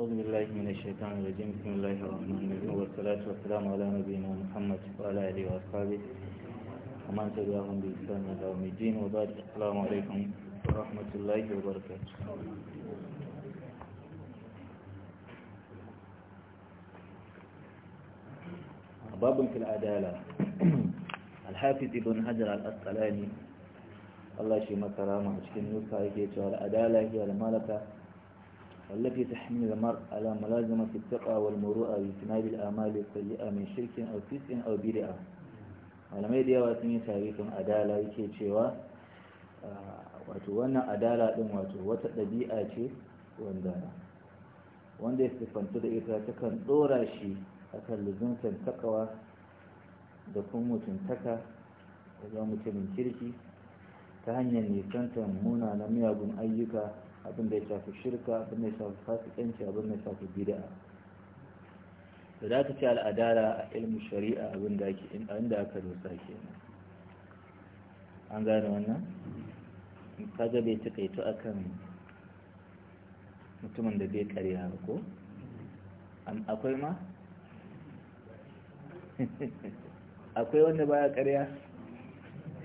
أعوذ بالله من الشيطان الرجيم بسم الله الرحمن الرحيم والصلاة والسلام على نبينا محمد وعلى آله وأصحابه ومن تبعهم بإحسان إلى يوم الدين وبعد السلام عليكم ورحمة الله وبركاته باب في العدالة الحافظ ابن حجر الأسقلاني الله شيما كرامة أشكن يوسف العدالة هي الملكة والتي تحمل المرء على ملازمة التقى والمروءة واجتناب الآمال السيئة من شرك أو فسق أو بدعة malamai da yawa sun yi tarihin adala yake cewa ah, wannan adala din wato wata ɗabi'a ce wanda wanda ya siffanta da ita takan ɗora shi akan luzuntan takawa da kuma mutuntaka wajen mutumin kirki ta hanyar nisantar na miyagun ayyuka abin da ya shafi shirka abin da ya shafi fasikanci abin da ya shafi bid'a da za ta ce al'adara a ilmi shari'a abin da ake da aka dosa nan. an gane wannan kaga bai a akan mutumin da bai karya ko akwai ma akwai wanda baya karya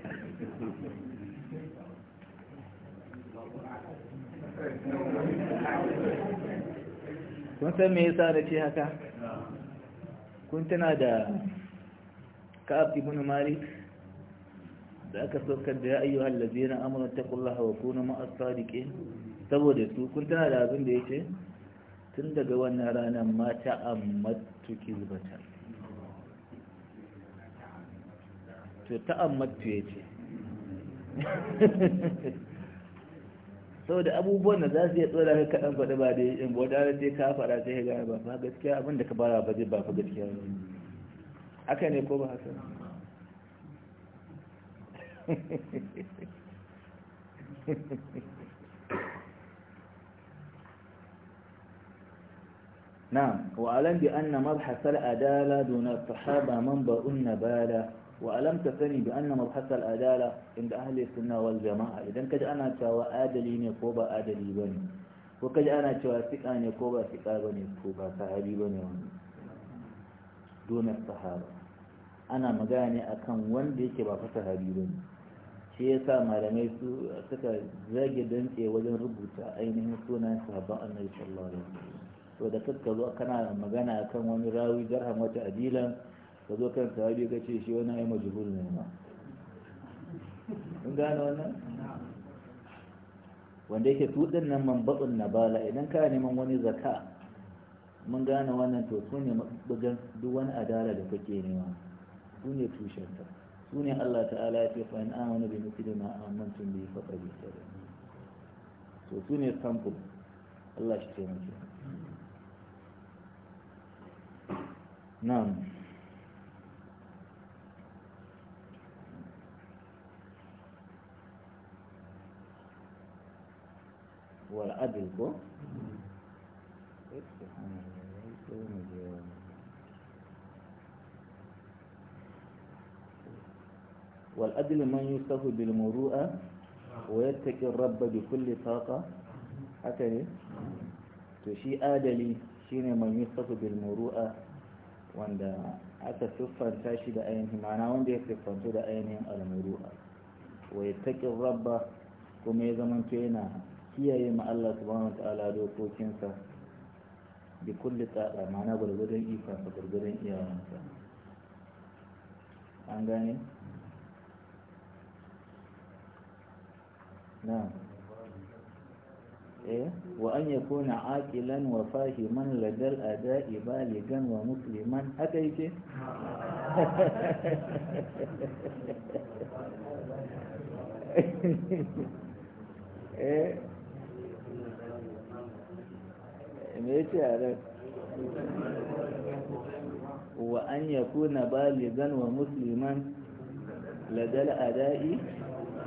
kun san me yasa na ce haka kun tana da ka'ab ibn malik da aka saukar da ya ayyuhal ladzina amanu taqullaha wa kunu ma'asta rike saboda su kun tana da abin da ya ce? tun daga wannan ranar mata ammatu zubata to ta'ammatu ya ce. saboda abubuwan da za su iya tsora kai kaɗan faɗi ba da in bauta da sai ka da sai ga ba fa gaskiya abinda ka bara ba zai ba fa gaskiya ba aka ne ko ba haka نعم وأعلم بأن مبحث العدالة man ba'un na bada وألم تثني بأن مبحث العدالة عند أهل السنة والجماعة إذا كج أنا توا آدلين كوبا آدلي بني وكج أنا توا ثقان كوبا ثقا بني كوبا صحابي بني دون الصحابة أنا مجاني أكن وندي كبا صحابي بني shi ya sa malamai su suka zage dantse wajen rubuta ainihin sunan sahabban annabi sallallahu alaihi wasallam to da kakka kana magana kan wani rawi wata a adilan ka zo kan sahabi ka ce shi wani ayi majhul ne ma kun gane wannan wanda yake su din nan na nabala idan ka neman wani zaka mun gane wannan to su ne bugan duk wani adala da kake nema su ne tushenta su ne Allah ta'ala ya ce fa in amanu bi mithli ma amantu bi qad ihtadaw to su ne sample Allah shi taimake na'am وأدلكو والأدل من يصف بالمروءة ويتكي الرب بكل طاقة حتى تشي آدلي شين نعم من يصف بالمروءة وعند حتى صفا تاشي بأينه معنا وعند يصف فانتو بأينه المروءة ويتكي الرب كم يزمن تينا kiyaye ma Allah subhanahu wataala dokokinsa bi kulli tsada ma'ana gwargwadon ikonsa gwargwadon iyawansa an gane na eh wa an yakuna aqilan wa fahiman ladal ada'i baligan wa musliman haka yake eh me yace a ran wa an baligan wa musliman ladal ada'i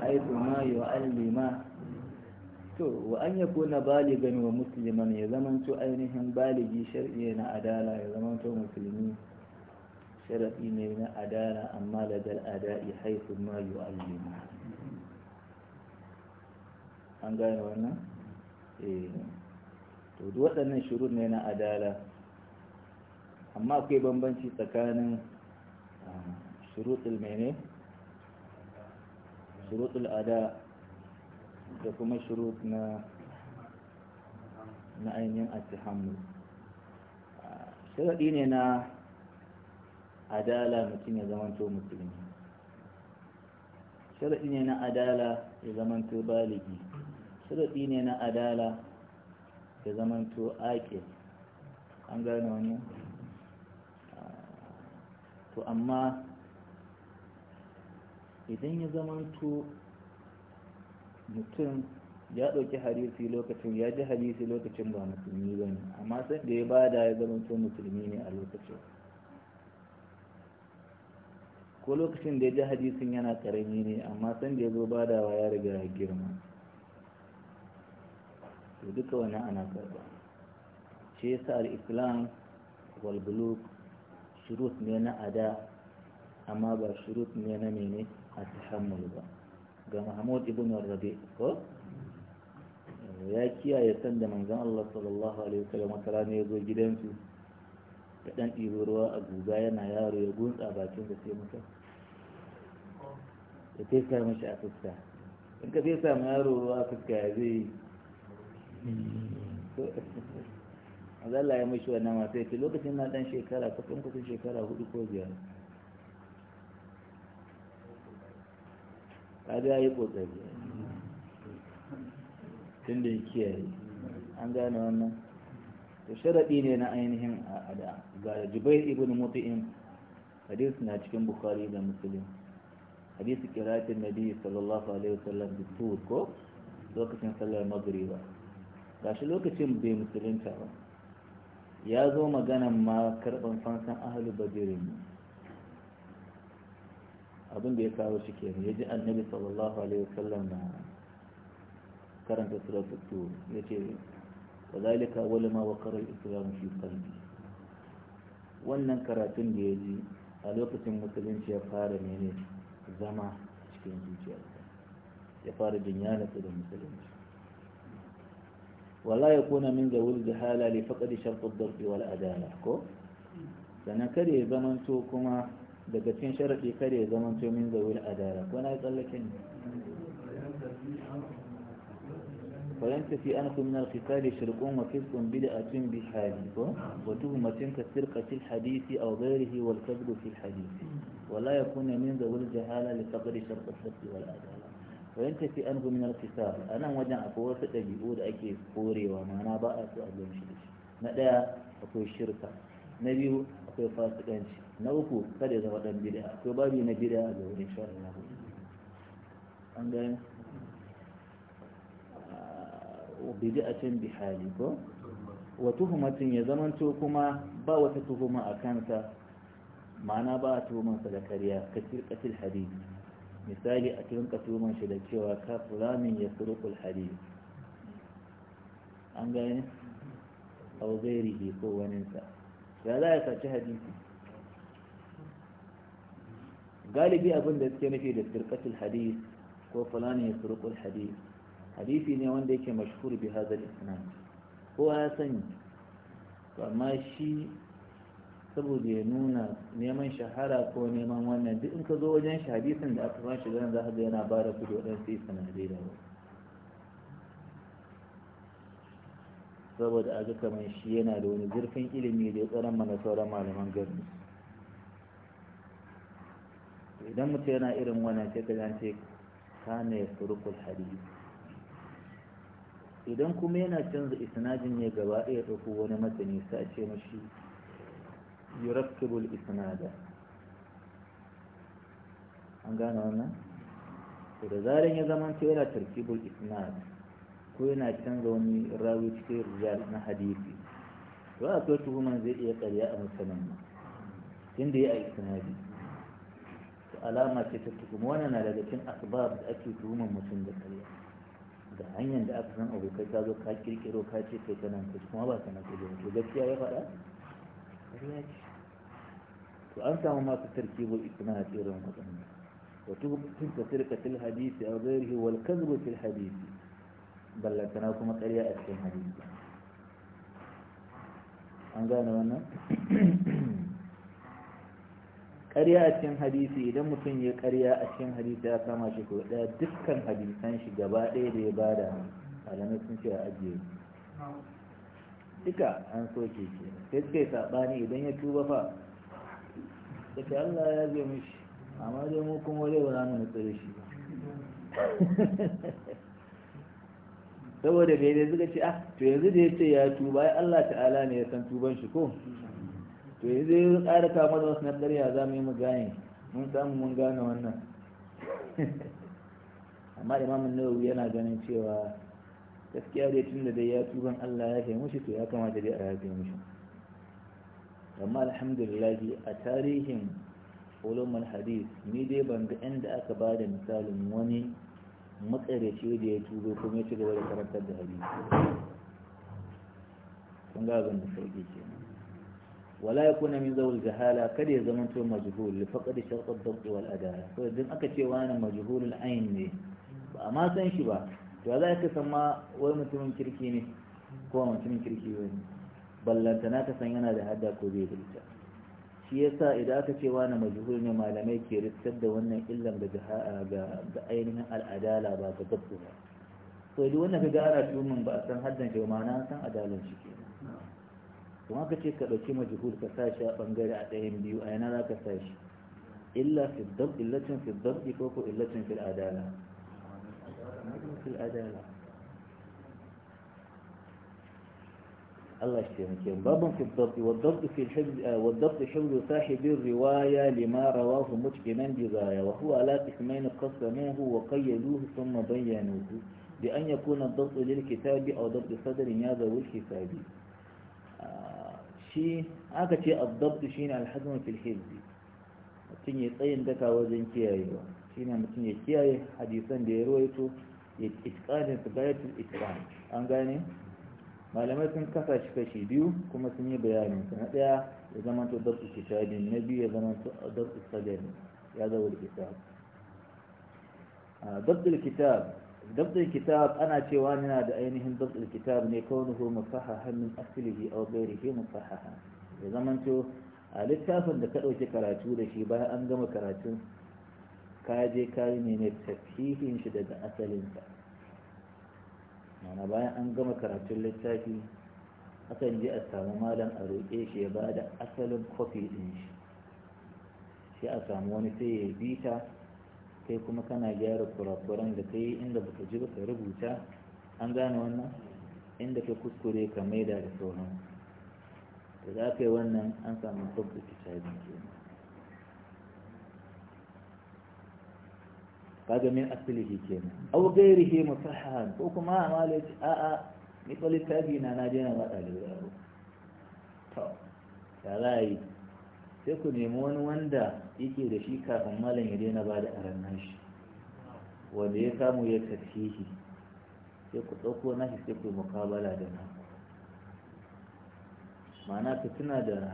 haythu ma to wa an baligan wa musliman ya zamanto ainihin baligi shar'i na adala ya zamanto musulmi ne na adala amma ladal ada'i to duk waɗannan shirun ne na adala amma akwai bambanci tsakanin um, shirutul mene shirutul ada da kuma shirut na na ainihin atihamu sharaɗi ne na adala mutum ya zamanto musulmi sharaɗi ne na adala ya zamanto baligi sharaɗi ne na adala ya to ake an gane wani to amma idan ya to mutum ya ɗauki hadisi lokacin ya ji hadisi lokacin ba musulmi ba ne amma sai da ya bada ya to musulmi ne a lokacin ko lokacin da ya ji hadisin yana ƙarami ne amma san da ya zo badawa ya riga girma to duka wannan ana karba shi yasa al-islam wal buluk shurut ne na ada amma ba shurut ne na mene a tahammul ba ga mahmud ibn rabi ko ya kiyaye san da manzon Allah sallallahu alaihi wasallam wata rana ya zo gidansu da dan ɗibo ruwa a guga yana yaro ya gutsa bakin da sai mutum da fesa mashi a fuska in ka fesa ma yaro ruwa a fuska ya zai Allah ya mashi wannan masu yake lokacin na dan shekara ko kun kusa shekara hudu ko biyar kaga ya yi kokari tun da ya kiyaye an gane wannan to sharadi ne na ainihin ada ga jubair ibn mutu'in hadisi na cikin bukhari da muslim hadisi kiratin nabi sallallahu alaihi wasallam bi tur ko lokacin sallar maghriba gashi lokacin bai musulunta ba ya zo maganan ma karban fansan ahalu badirin ne abin da ya kawo shi ke ya ji annabi sallallahu alaihi wasallam na karanta suratul tur ya ce wa zalika ma waqara al-islam fi qalbi wannan karatun da ya ji a lokacin musulunci ya fara ne zama cikin zuciyarsa ya fara jinyana da musulunci ولا يكون من ذوي الجهالة لفقد شرط الضرب ولا أداء نحكو سنة كري زمن توكما دقتين شرط كري زمن تو من ذوي الأداء نحكو أنا يقول لك في انف من القتال شرق وكذب بدأة بحاجك وتهمة كالسرقه الحديث أو غيره والكذب في الحديث ولا يكون من ذوي الجهالة لفقد شرط الضرب والأداء نحكو wayan tafi an gumi na a nan wajen akwai wasu ɗabi'u da ake korewa mana ba a so a gamshi da shi na ɗaya akwai shirka na biyu akwai fasikanci na uku kada ya zama ɗan bida akwai babi na bida a gaba na Allah an gani bid'atin bihali ko wa tuhumatin ya zamanto kuma ba wata tuhuma a kansa ma'ana ba a tuhumansa da kariya kasir kasir hadisi misali a cikin katuman shi da cewa ka fulamin ya surukul hadiyu an gane zairi zairihi ko waninsa ya za a sace hadisi galibi abin da suke nufi da sirkatul hadiyu ko fulani ya surukul hadiyu hadisi ne wanda yake mashhur bi hadal isnad kowa ya sani amma shi saboda ya nuna neman shahara ko neman wannan duk in ka zo wajen shi hadisin da aka bashi ganin za ka ga yana bada kudi waɗansu yi sanadai da wani saboda aga kamar shi yana da wani zurfin ilimi da ya tsaron mana sauran malaman garin idan mutum yana irin wannan sai ka zance kana ya surukul hadisi idan kuma yana canza isnadin ne gaba ɗaya ɗauko wani masani sa ce mashi يركب isnada an gane wannan to da zarin ya zama ta yana tarkibul isnad ko yana canza wani rawi cikin na hadisi to a kai tuhuman zai iya karya a musamman tunda ya yi to alama ce ta tuhuma na daga asbab da ake mutum da hanyar da aka san abokai ta zo ka kirkiro ka ce kai ta nan kuma ba ta nan to gaskiya ya faɗa to an samu masu tarkibul isnad irin waɗannan wa tubtin tasirka til hadisi aw ghairihi wal kadhbu fil hadisi ballantana kuma ƙarya a cikin hadisi an gane wannan ƙarya a cikin hadisi idan mutum ya ƙarya a cikin hadisi ya kama shi ko ɗaya dukkan hadisan shi gaba ɗaya da ya bada malamai sun ce a ajiye duka an soke ke sai suka yi saɓani idan ya tuba fa da ke Allah ya zai mishi amma dai mu kuma zai ba za mu shi saboda bai dai suka ce ah to yanzu da ya ce ya tuba ya Allah ta'ala ne ya san tuban shi ko to yanzu ya tsara kama da wasu na ya za mu yi mu gane mun samu mun gane wannan amma imamun nawawi yana ganin cewa gaskiya dai tun da dai ya tuban Allah ya kai mushi to ya kamata dai a ya kai mushi amma alhamdulillah a tarihin ulumul hadith ni dai ban ga inda aka ba da misalin wani matsarashi da ya tubo kuma ya ci gaba da karantar da hadisi kun ga abin da sauki ke wala ya kuna min zawul jahala kada ya zama to majhul li faqad shart ad-dabt wal adala to idan aka ce wani majhul al-ayn ne ba a ma san shi ba to za ka san ma wai mutumin kirki ne ko mutumin kirki wani ballantana ka san yana da hadda ko bai da ita shi yasa idan aka ce wani majhul ne malamai ke riskar da wannan illan da ga ainihin al'adala ba ga ba to idan wannan kaga ana tumin ba a san haddan shi ma na san adalan shi ke kuma ka ce ka dauki majhul ka sa shi a bangare a ɗayan biyu a yana za ka sa shi illa fi dabbi illatin fi dabbi ko ko fi adala في الأدالة الله يشتمك باب في الضبط والضبط في الحفظ آه، والضبط حفظ صاحب الرواية لما رواه متقنا بغاية وهو على قسمين قسموه وقيدوه ثم بينوه بأن يكون الضبط للكتاب أو ضبط صدر آه، هذا والكتاب شيء هذا شيء الضبط شيء على الحزم في mutum ya tsayin daka wajen kiyayewa shine mutum ya kiyaye itqanin su gayatul itqan an gane malamai sun kasa shi kashi biyu kuma sun yi bayanin na daya ya zama to dabtu kitabin na biyu ya zama to dabtu sadari ya zawo kitab dabtul kitab dabtul kitab ana cewa yana da ainihin dabtul kitab ne kaunuhu musahahan min aslihi aw ghairihi musahahan ya zama to a littafin da ka dauki karatu da shi bayan an gama karatun ka je ka yi mene tafihin shi daga asalinsa mana bayan an gama karatun littafi akan je a samu malam a roƙe shi ya ba da asalin kofi ɗin shi shi a samu wani sai ya bita kai kuma kana gyara kurakuran da kai inda baka ji baka rubuta an gane wannan inda ka kuskure ka maida da sauran da za ka yi wannan an samu sabbi kitabi kenan kaga min asilihi kenan aw ghairihi musahahan ko kuma malai a a ni fa littafi na na je na ba to ya sai ku nemi wani wanda yake da shi kafin malam ya daina ba da aran shi. wanda ya samu ya tafihi sai ku ɗauko nashi sai ku mukabala da na ma'ana ka tuna da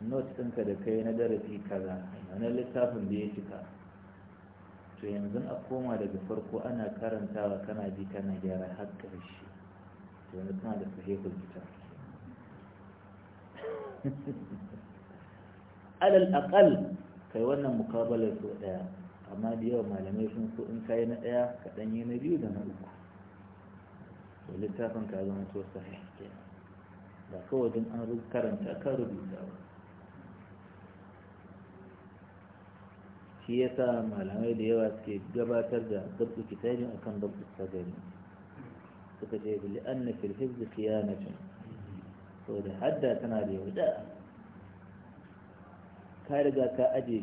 not ɗinka da kai na darasi kaza wani littafin da ya cika to yanzu a koma daga farko ana karantawa kana ji kana gyara har ƙarshe to yanzu kana da sahihul kitab alal aqal kai wannan mukabalar so daya amma da yawa malamai sun so in kai na daya ka dan yi na biyu da na uku to littafin ka zama to sahih ke? ba kawai din an karanta ka rubuta ba shi sa malamai da yawa suke gabatar da dabbu kitabin akan dabbu gani? suka ce bi anna fil hifz khiyanatun da hadda tana da yauda ka riga ka aje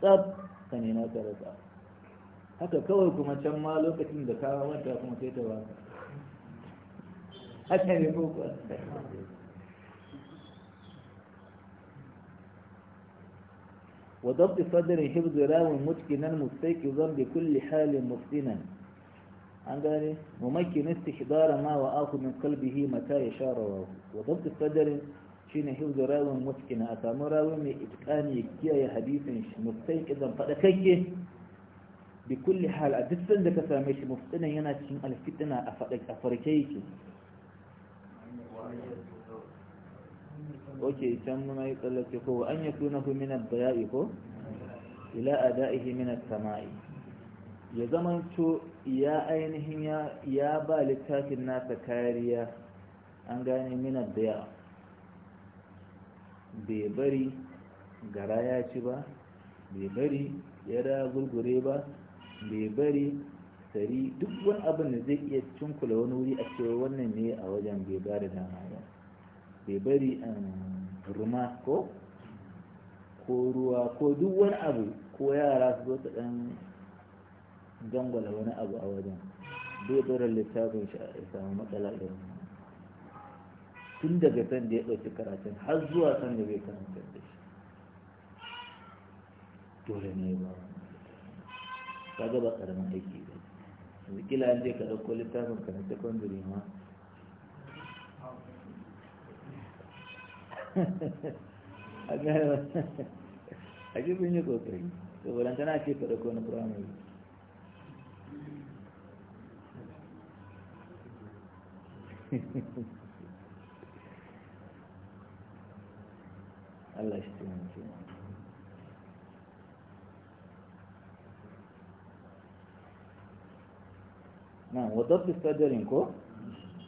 tsab ka nema ka rasa haka kawai kuma can ma lokacin da ka wanta kuma sai ta baka haka ne ko kuwa وضبط صدر حفظ راو متقنا مستيقظا بكل حال مفتنا عن ذلك ممكن استحضار ما وآخذ من قلبه متى يشار رواه وضبط صدر شين حفظ راو متقنا أتام راو من إتقان يكيا يا حديث مستيقظا فأكيك بكل حال أدسن لك ساميش مفتنا ينا تشين الفتنة أفركيك oke can muna yi tsallake ko an ya tuna ku minar baya'i ko ila a da'ihi minar sama'i ya zama to ya ainihin ya ba littafin nasa kariya an gane minar baya bai bari gara ya ci ba bai bari ya da gurgure ba bai bari sari duk wani abin da zai iya cunkula wani wuri a cewa wannan ne a wajen bai ba da dama bai bari um, ruma ko ko ruwa ko duk wani abu ko yara su zo su dan dangwala wani abu a wajen bai barin littafin shi a samu matsala irin tun daga san da ya ɗauki karatun har zuwa san da bai karanta da shi dole ne ba kaga ba karamin aiki ba zikila an je ka ɗauko littafin ka na secondary ma a ji sun yi kokari to balantana ce ko na Allah shi tunanci na wadda fi ko?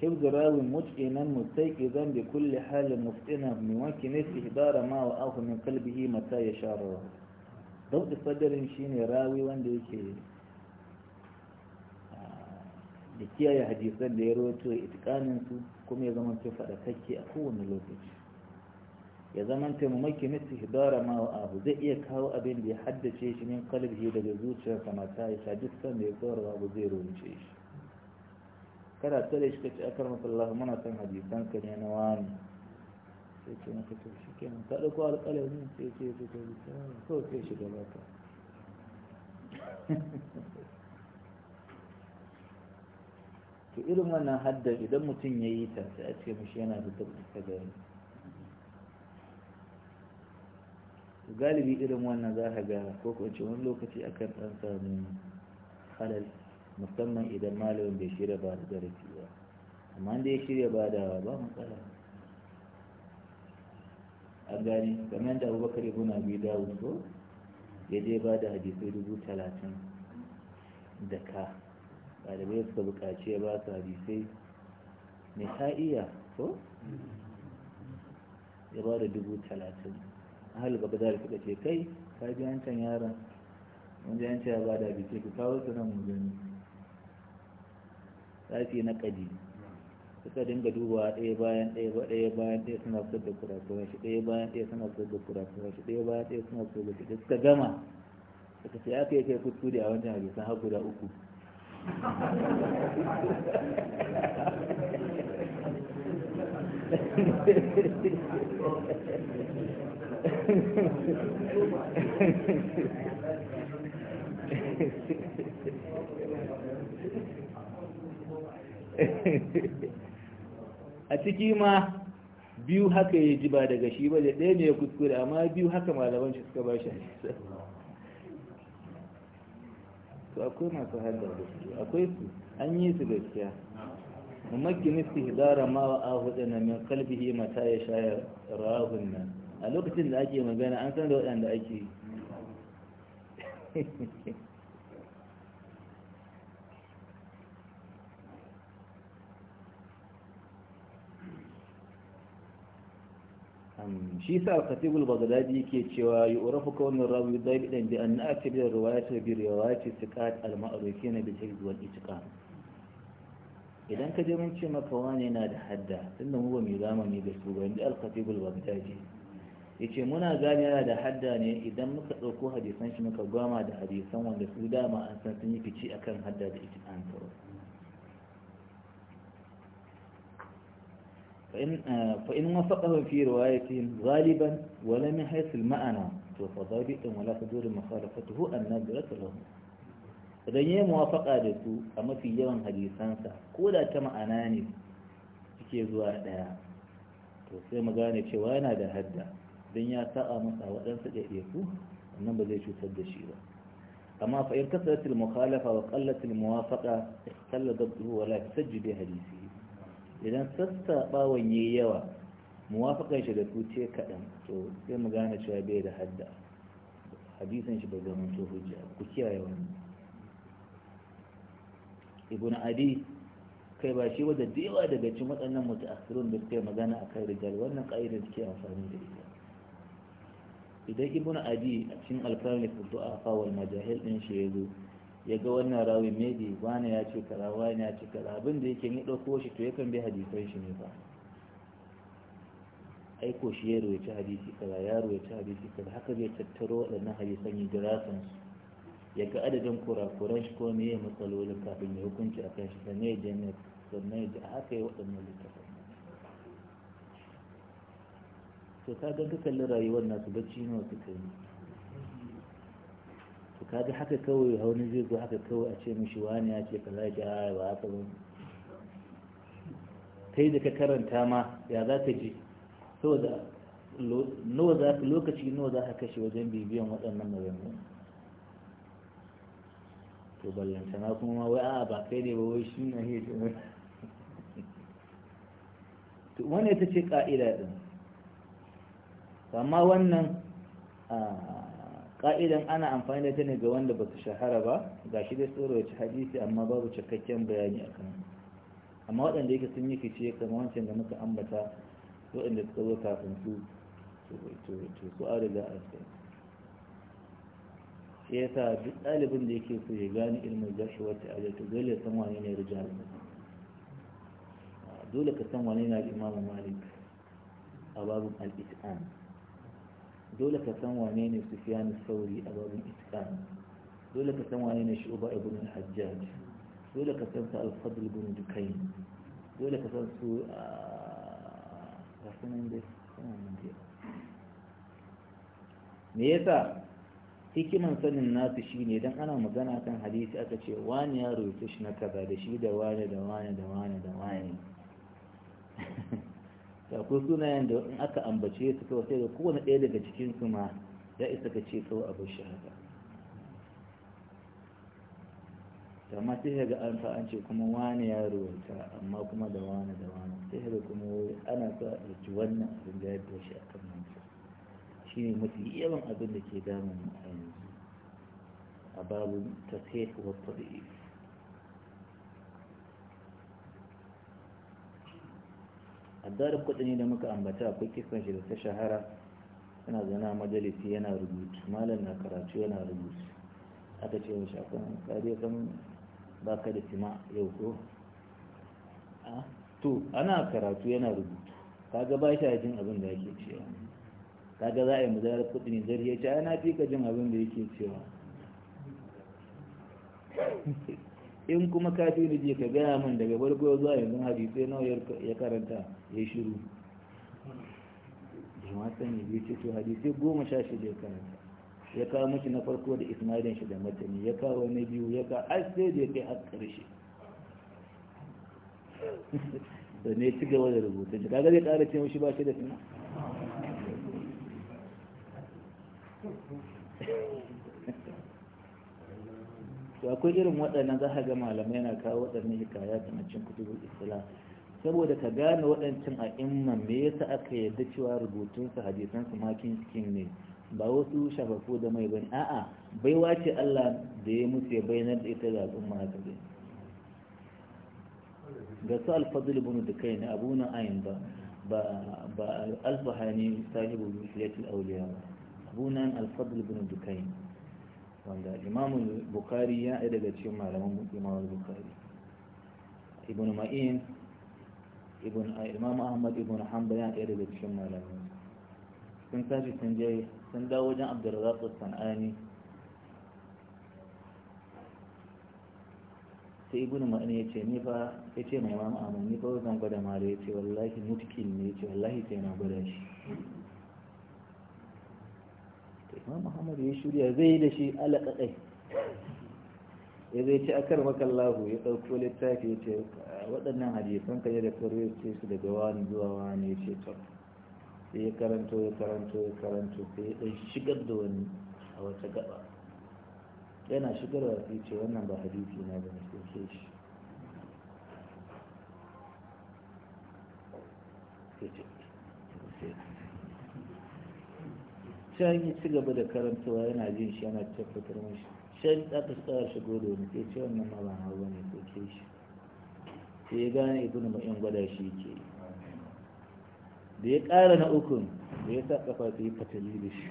حفظ راو متقنا متيقظا بكل حال مفتنا ممكن استحضار ما وآه من قلبه متى يشعر ضبط صدر شين راوي وان ديكي da kiyaye hadisan da ya rawato itikanin su kuma ya zama ta faɗakakke a kowane lokaci ya zama ta mamaki na tihdara ma wa abu zai iya kawo abin da ya haddace shi min kalbi daga zuciyarsa mata ya sha duk sanda ya tsawar abu zai rawance shi kada tare shi kace akar masallahu muna san hadisan ka ne na wani sai ce maka to shi ke ka dauko alƙalami sai ce to to ko sai shi gaba ka to irin wannan haddar idan mutum ya yi ta sai a ce mishi yana da tabbata gani galibi irin wannan za ka ga ko ko ce wani lokaci akan ɗan samu halal musamman idan malamin bai shirya ba da zarafi ba amma da ya shirya ba da ba matsala an gane kamar da abubakar guna biyu da wuto ya je ba da hadisai dubu talatin da ka bai suka bukaci ya ba su hadisai mai ta iya ko ya ba da dubu talatin ahal bagdad suka ce kai ka ji yaron wanda yanci ya ba da hadisai ka kawo su nan mu gani tsafi na kadi suka dinga duba ɗaya bayan ɗaya ba ɗaya bayan ɗaya suna fitar da kurakuran shi ɗaya bayan ɗaya suna fitar da kurakuran shi ɗaya bayan ɗaya suna fitar da kurakuran suka gama suka ce aka yi kai da a wancan hadisan har guda uku Thank you. a ciki ma biyu haka ya ji ba daga shi ba da ɗaya ne ya kuskure amma biyu haka malaman shi suka ba shi to akwai masu hada da su akwai su an yi su gaskiya mamakin istihdara ma wa hudu na min kalbihi mata ya shayar rahun nan a lokacin da ake magana an san da waɗanda ake shi sa al-khatib al-baghdadi yake cewa yu'rafu kawnun rawi dabidan bi an na'ti bi riwayati bi riwayati thiqat al-ma'rufin bi hifz wal itqan idan ka je mun ce maka wane yana da hadda tunda mu ba mai zamani da su ba inda al-khatib al-baghdadi yace muna gane yana da hadda ne idan muka ɗauko hadisan shi muka gwama da hadisan wanda su dama an san sun yi fici akan hadda da itqan فإن وفقه في روايتهم غالبا ولم يحيث المعنى فضابط ولا تدور مخالفته النادرة له idan ya muwafaka da su a mafi yawan hadisansa ko da ta ma'ana ne suke zuwa ɗaya to sai mu gane cewa yana da hadda don ya sa'a masa waɗansu ɗaiɗaiku wannan ba zai cutar da shi ba amma fa in kasaratul mukhalafa wa qallatul muwafaqa ikhtalla dabduhu wa la tajbi hadisi idan sassaɓawan ya yi yawa muwafakan shi da kuce kaɗan to sai mu gane cewa bai da hadda hadisan shi bai zama to hujja ku kiyaye wani ibn adi kai ba shi wadda dewa daga cikin waɗannan mutaakhirun da suke magana a kan rijal wannan ƙa'ida suke amfani da ita idan ibn adi a cikin alkalin fudu'a fa wal majahil din shi ya zo ya ga wannan rawin maybe wani ya ce kaza wani ya ce kaza abin da yake ya ɗauko shi to yakan bi hadisan shi ne ba aiko shi ya rawaita hadisi kaza ya rawaita hadisi kaza haka zai tattaro waɗannan hadisan ya dirasan su ya ga adadin kurakuran shi ko me ya matsalolin kafin ya hukunci akan shi sannan ya jami'a sannan ya ji haka ya waɗannan littafin to ka ga kallon rayuwar nasu bacci ne suka kai to kaga haka kawai hauni zai zo haka kawai a ce mishi wani ya ce kaza ya ba haka ba kai da ka karanta ma ya za ka ji saboda nawa za ka lokaci nawa za ka kashe wajen bibiyan waɗannan maganganu to na kuma ma wai a'a ba kai ne ba wai shi na hiyar to wannan ta ce ƙa'ida ɗin amma wannan ah, ka'idan ana amfani da ta ne ga wanda ba su shahara ba ga shi dai ci hadisi amma babu cikakken bayani a kan amma waɗanda yake sun yi fice kama wancan da muka ambata waɗanda suka zo kafin su to su a riga a sai shi yasa duk ɗalibin da yake so ya gane ilmin gashi wata jirgin dole san wani ne rijal dole ka san wani na imamu malik a babin al dole ka san wane ne sufyan sauri a babin iskan dole ka san wane ne shuba ibn al-hajjaj dole ka san sa al-fadl ibn dukayn dole ka san su ah, a sunan da sunan da me yasa hikiman sanin nasu shine dan ana magana kan hadisi aka ce wani ya rubuta shi na kaza da shi da wani da wani da wani da wani da ku sunayen da in aka ambace su kawai sai da kowane ɗaya daga cikin su ma ya isa ka ce kawai abu shi haka ma sai ga an fa an ce kuma wani ya rubuta amma kuma da wani da wani sai ga kuma ana so a ɗauki wannan abin da ya fi shi kan nan shi ne mafi yawan abin da ke damun a yanzu a babu tasaifu da tabi'i haddar kudini da muka ambata akwai kisan shi da ta shahara yana zana majalisi yana rubutu malam na karatu yana rubutu aka ce wa shafin kariya kan baka da sima yau ko to ana karatu yana rubutu kaga ba shi jin abin da yake cewa kaga za a yi mudarar kudini zari ya ce ana fi ka jin abin da yake cewa in kuma ka fi ni je ka gaya min daga farko zuwa yanzu hadisai nawa ya karanta ya shiru jama'a sani bai ce to hadisai goma sha shida ya karanta ya kawo miki na farko da ismailin shi da matani ya kawo na biyu ya kawo har sai da ya kai har karshe da ne ci gaba da rubuta shi kaga zai ƙara ce mishi ba shi da suna to akwai irin waɗannan za ka ga malamai na kawo waɗannan hikaya na cin kutubul islam saboda ka gane waɗancan a imma me yasa aka yarda cewa rubutunsu hadisansu makin cikin ne ba wasu shafafu da mai bane a'a baiwa ce Allah da ya mutu ya bayyana da ita ga al'umma haka dai ga su alfadul ibn dukai ne abu na ayin ba ba Alfahani, bahani sahibu yusiyatul awliya abu na alfadul ibn dukai ne wanda imamun bukari ya ɗaya daga cikin malaman imamun bukari ibn ma'in ibn imam ahmad ibn hanbal ya ɗaya daga cikin malaman sun tashi sun je sun dawo wajen abdurrazzaq sanani sai ibn ma'in ya ce ni fa ya ce mai imam ahmad ni fa zan gwada mara ya ce wallahi mutkin ne ya ce wallahi sai na gwada shi imam muhammad ya shirya zai da shi alaƙaƙai ya zai ce akar makallahu ya ɗauko littafi ya ce waɗannan hadisan ka da kwarwe ce su daga wani zuwa wani ya ce to sai ya karanto ya karanto ya karanto sai ya ɗan shigar da wani a wata gaba yana shigar da sai ce wannan ba hadisi na ba ne sai shi can ya ci da karantawa yana jin shi yana tabbatar mashi shan ta tsara shi godo ne sai cewa nan ma ba ne ko ke shi sai ya gane ibnu ma'in gwada shi ke da ya ƙara na ukun da ya sa kafa ta yi fatali da shi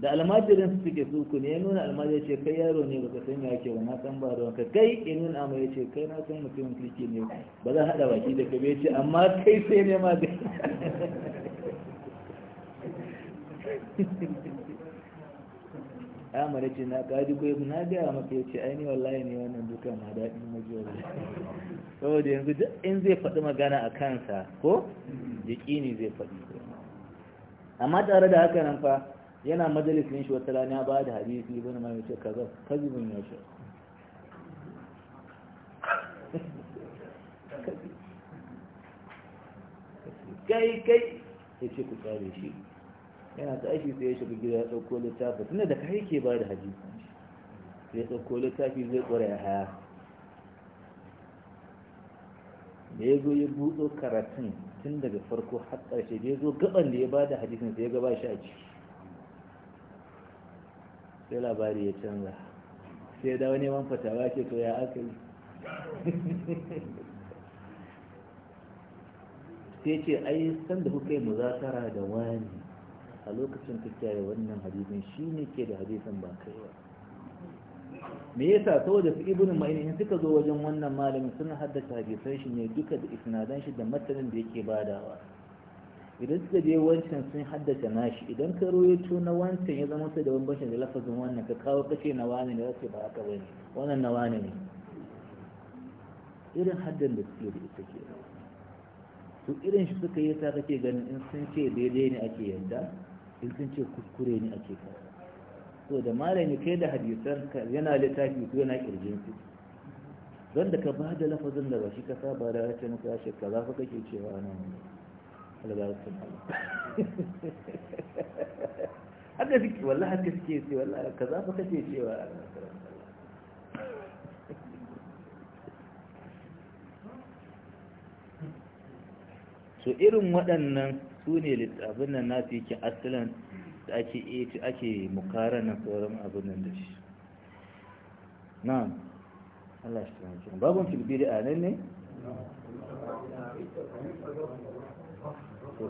da almajirin su suke suku ne ya nuna almajirin ce kai yaro ne baka san ya ke na san ba ka kai ya amma ya ce kai na san mutumin kirki ne ba za haɗa baki da kabe ce amma kai sai ne ma da ya mara ce na kaji ko yabu na gaya maka ya ce ni wallahi ne wannan dukan ma daɗin majiyar saboda yanzu duk in zai faɗi magana a kansa ko yaƙini zai faɗi amma tare da haka nan fa yana majalisin shi wata rana ba da hadisi ibn mai ce kaza kazibun ya ce kai kai ya ce ku tsare shi yana aiki sai ya shiga gida ya ɗauko littafi tunda da kai ke ba da hadisi sai ya ɗauko littafi zai ƙware ya haya da ya zo ya buɗo karatun tun daga farko har ƙarshe da ya zo gaban da ya ba da hadisin sai ya gaba shi a ciki sai labari ya canza sai da wani man fatawa ke to ya aka yi sai ce ai san da kuka yi muzakara da wani a lokacin tattare wannan hadisin shi ne ke da hadisin ba kai ba me yasa saboda su ibnu Maina in suka zo wajen wannan malamin suna haddasa hadisan shi ne duka da isnadan shi da matanin da yake badawa idan suka je wancan sun haddace nashi idan ka royato na wancan ya zama sai da bambancin da lafazin wannan ka kawo kace na wani ne zace ba haka bane wannan na wani ne irin haddan da suke da ita ke to irin shi suka yi ta kake ganin in sun ce daidai ne ake yadda in sun ce kuskure ne ake ka to da malami kai da hadisan ka yana littafi ko yana kirjin su don da ka ba da lafazin da ba shi ka saba da ya ce ka shekara fa kake cewa nan ne haka suke wallahi haka suke ce wallahi ka za fa kace cewa so irin waɗannan su ne littafin nan nasu yake asalin da ake eci ake mukara na sauran abin nan da shi na Allah shi ta babu filbiri a nan ne?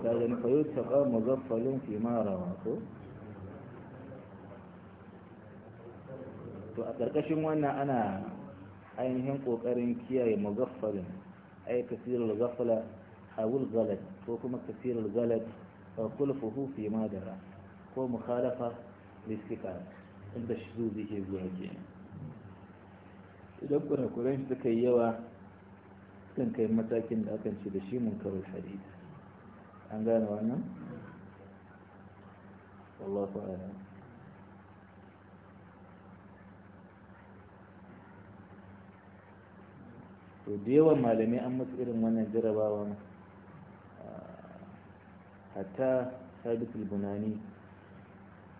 ta gani fa taɓa muzaffalin fi mara wato to a ƙarƙashin wannan ana ainihin ƙoƙarin kiyaye muzaffalin ai kasirar zafala hawul galad ko kuma kasirar galad a kulfuhu fi madara ko mukhalafa listika inda shi zuzi ke zuwa ke idan kurakuran shi suka yi yawa kan kai matakin da akan ce da shi mun karo hadisi an gane wannan wallahu a'lam to da yawan malami an mutu irin wannan jarabawan ah, hatta sabit bunani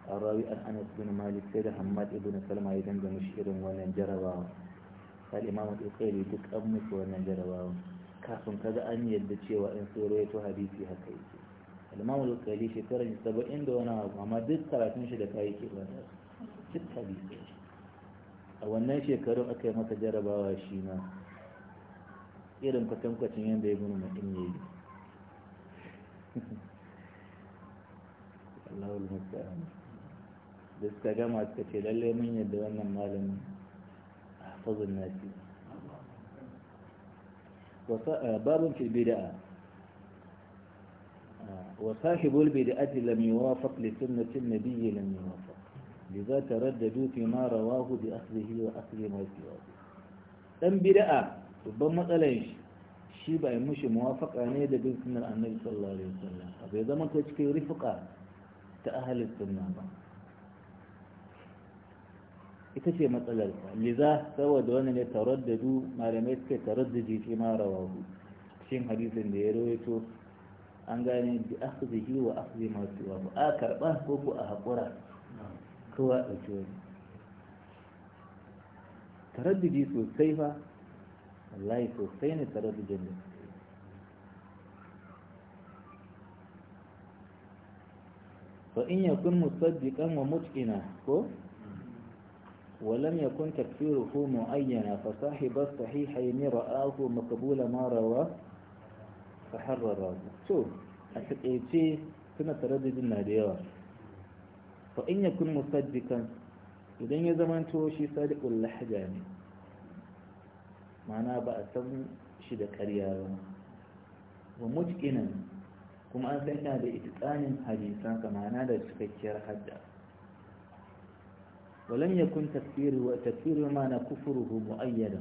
a rawi an su bin malik sai da hamad ibn salma ya dangane shi irin wannan jarabawan sai imamu tsokai duk an mutu wannan jarabawan kafin kaza an yadda cewa in sai to hadisi haka yake al-imam al-qali shekaran 70 da wani abu amma duk karatun shi da kai yake ba duk hadisi a wannan shekarun aka yi masa jarabawa shi na. irin kwatankwacin yadda ya gudu mutum ya yi Allahul Musta'an da suka gama suka ce lallai mun yadda wannan malamin a fazin nasi آه، باب في البدعة آه، وصاحب البدعة لم يوافق لسنة النبي لم يوافق لذا ترددوا فيما رواه بأخذه وأخذ ما سواه أم بدعة ربما قال إيش شيء بأي مش موافق عن يد سنة النبي صلى الله عليه وسلم فإذا إذا ما تشكي رفقا تأهل السنة ita ce matsalarsa liza saboda wannan ne taraddadu malamai suke taraddadi shi ma rawahu cikin hadisin da ya rawaito an gane bi akhdhihi wa akhdhi ma siwa a karba ko ku a hakura kowa dauki wani taraddadi sosai fa wallahi sosai ne taraddadin da wa in yakun musaddiqan wa mutqina ko ولم يكن تكفيره معينا فصاحب الصحيحين رآه مقبول ما رواه فحرر شوف أسد إيتي سنة تردد الناديار فإن يكون مصدقا إذن يزمان توشي صادق اللحجة يعني معناه بأسم شد كريارا ومجئنا كما أنسان كان بإتقان حديثا كما كمعناه لشككير حجة ولم يكن تكفير وتكفير معنى كفره مؤيدا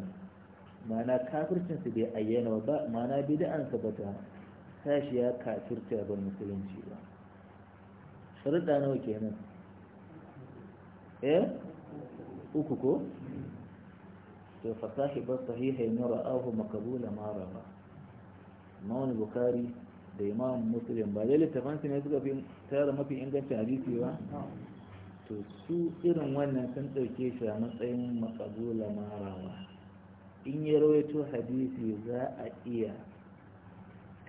ما كافر معنى كافرتين سبي أيانا وباء معنى بدعا ثبتا ساشيا كافرتا بالمسلمين شيئا شرط انا وكينا اوكوكو أكوكو فصاحب الصحيح ان رآه مقبول ما رأى Imam Bukhari da Imam Muslim ba dai littafan su ne suka fi tara mafi ingancin hadisi ba to su irin wannan sun ɗauke shi a matsayin matsagola marawa in ya rawaito hadisi za a iya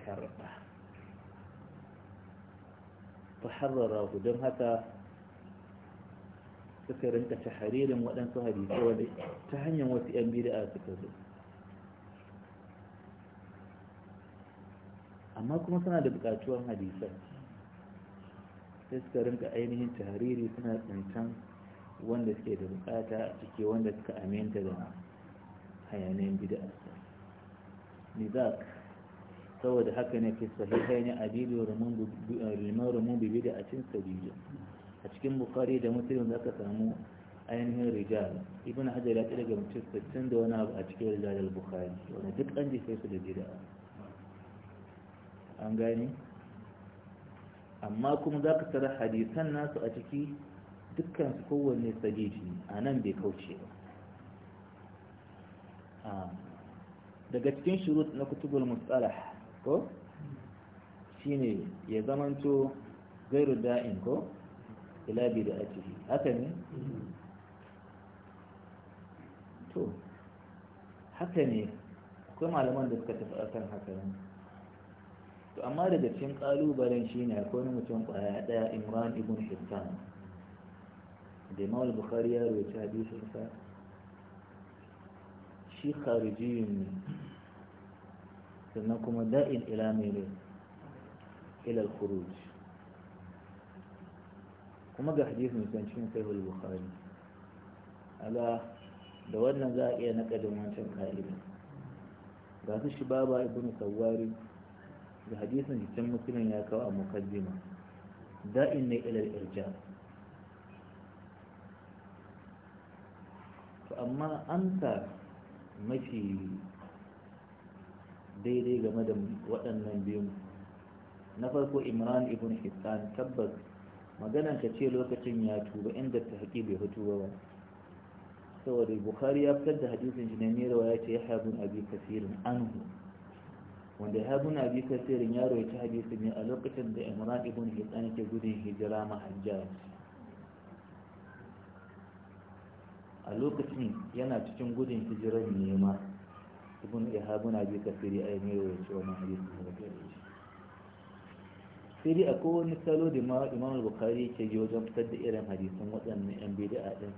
karɓa ta harrara ku don haka suka rinka haririn waɗansu hadisi wadda ta hanyar wasu 'yan bid'a suka zo amma kuma suna da buƙatuwan hadisai sai suka rinka ainihin tahariri suna tsintan wanda suke da bukata suke wanda suka aminta da hayanayin bida'arsa nizak saboda haka ne ke sahihai ne a liman rumun bibi da a cin sabijin a cikin bukari da musulun za ka samu ainihin rijal ibn hajar ya daga mutum sassan da wani abu a cikin rijal bukari wanda duk an jefe su da gida. an gani amma kuma za ka tara hadisan nasu a ciki dukkan su kowanne sahihi a nan bai kauce ba daga cikin shurut na kutubul mustalah ko shine ya zamanto gairu da'in ko ila bi da ajihi haka ne to haka ne akwai malaman da suka tafi akan haka ne to amma daga cikin shi shine akwai wani mutum kwaya daya imran ibn hisan da imam bukhari ya rubuta hadisin sa shi khariji ne sannan kuma da'in ila mere, ila al-khuruj kuma ga hadisin san cikin sahih al-bukhari ala da wannan za a iya naƙadin wancan ka'ida ga su shi baba ibn sawari da hadisin da can musulun ya kawo a mukaddima da'in ne ilal irja to amma an ta mafi daidai game da waɗannan biyun na farko imran ibn hissan tabbas maganan ka ce lokacin ya tuba inda ta haƙi bai hutu ba saboda bukari ya fitar da hadisin shi ne ya ce ya habin abi kasirin anhu wanda ya guna bi kasirin yaro ya ci hadisi ne a lokacin da imran ibn hisan ke gudun hijira ma hajjaj a lokacin yana cikin gudun hijirar nema ibn ihabuna bi kasiri a ne ya ce wannan hadisi ne da shi sai dai akwai wani salo da ma imam al-bukhari ke yi wajen fitar da irin hadisan waɗannan yan bid'a din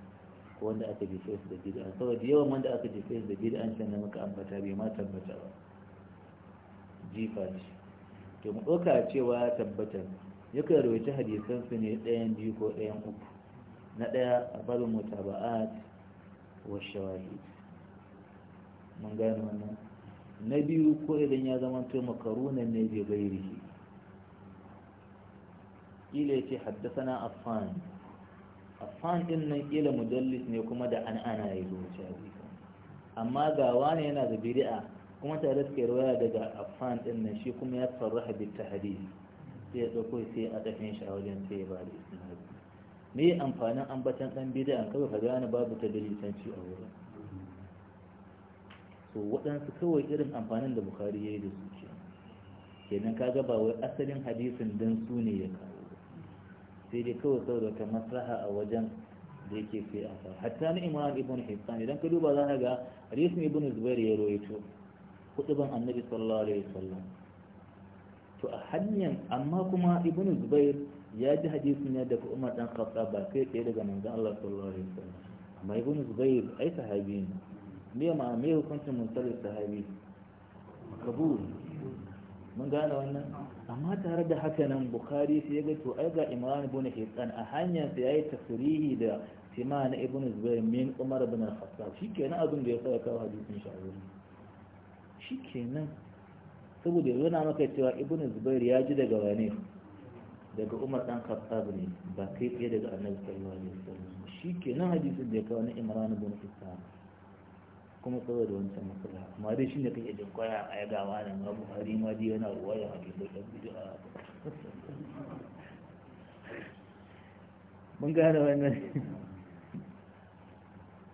ko wanda aka jefe su da bid'a saboda yawan wanda aka jefe su da bid'a can da muka ambata bai ma tabbata ba jifa ce to mu ɗauka cewa ya tabbatar yakan rawaita hadisansu ne ɗayan biyu ko ɗayan uku na ɗaya a babin mutaba'at wa shawahid mun gane wannan na biyu ko idan ya zama to makarunan ne bai gairihi kila ya ce haddasana affan affan din nan kila dallis ne kuma da an ana yi zuwa amma ga wani yana da bid'a kuma da suke ruwaya daga affan din nan shi kuma ya tsarraha bi hadisi sai ya dauko sai a dafin shi a wajen sai ya ba da isnadi me amfanin ambatan dan bid'a kawai ka gane babu ta dalilanci a wurin so waɗansu kawai irin amfanin da bukari ya yi da su ce kenan ka ba wai asalin hadisin don su ne ya kawo sai dai kawai saboda da ta maslaha a wajen da yake sai a hatta na imam ibn hibban idan ka duba za ka ga hadisin ibn zubair ya rawaito hutuban annabi sallallahu alaihi wasallam to a hanyar amma kuma ibn zubair ya ji hadisi ne daga umar dan khattab ba kai tsaye daga manzon Allah sallallahu alaihi wasallam amma ibn zubair ai sahabi ne me ma me hukuncin muntalir sahabi kabul mun gane wannan amma tare da haka nan bukhari sai ya ga to ai ga imran ibn hisan a hanyar sai yayi tasrihi da sima na ibn zubair min umar ibn khattab shikenan abin da ya sa ya kawo hadisin shawari shi kenan saboda yana maka cewa ibnu zubair ya ji daga wane daga umar dan khattab ne ba kai tsaye daga annabi sallallahu alaihi wasallam shi kenan hadisin da ya kawo na imran ibn hisham kuma saboda wancan matsala amma dai shine kai yadda koya a ya gawa ne ma buhari ma dai yana ruwaya a cikin dan bid'a mun da wannan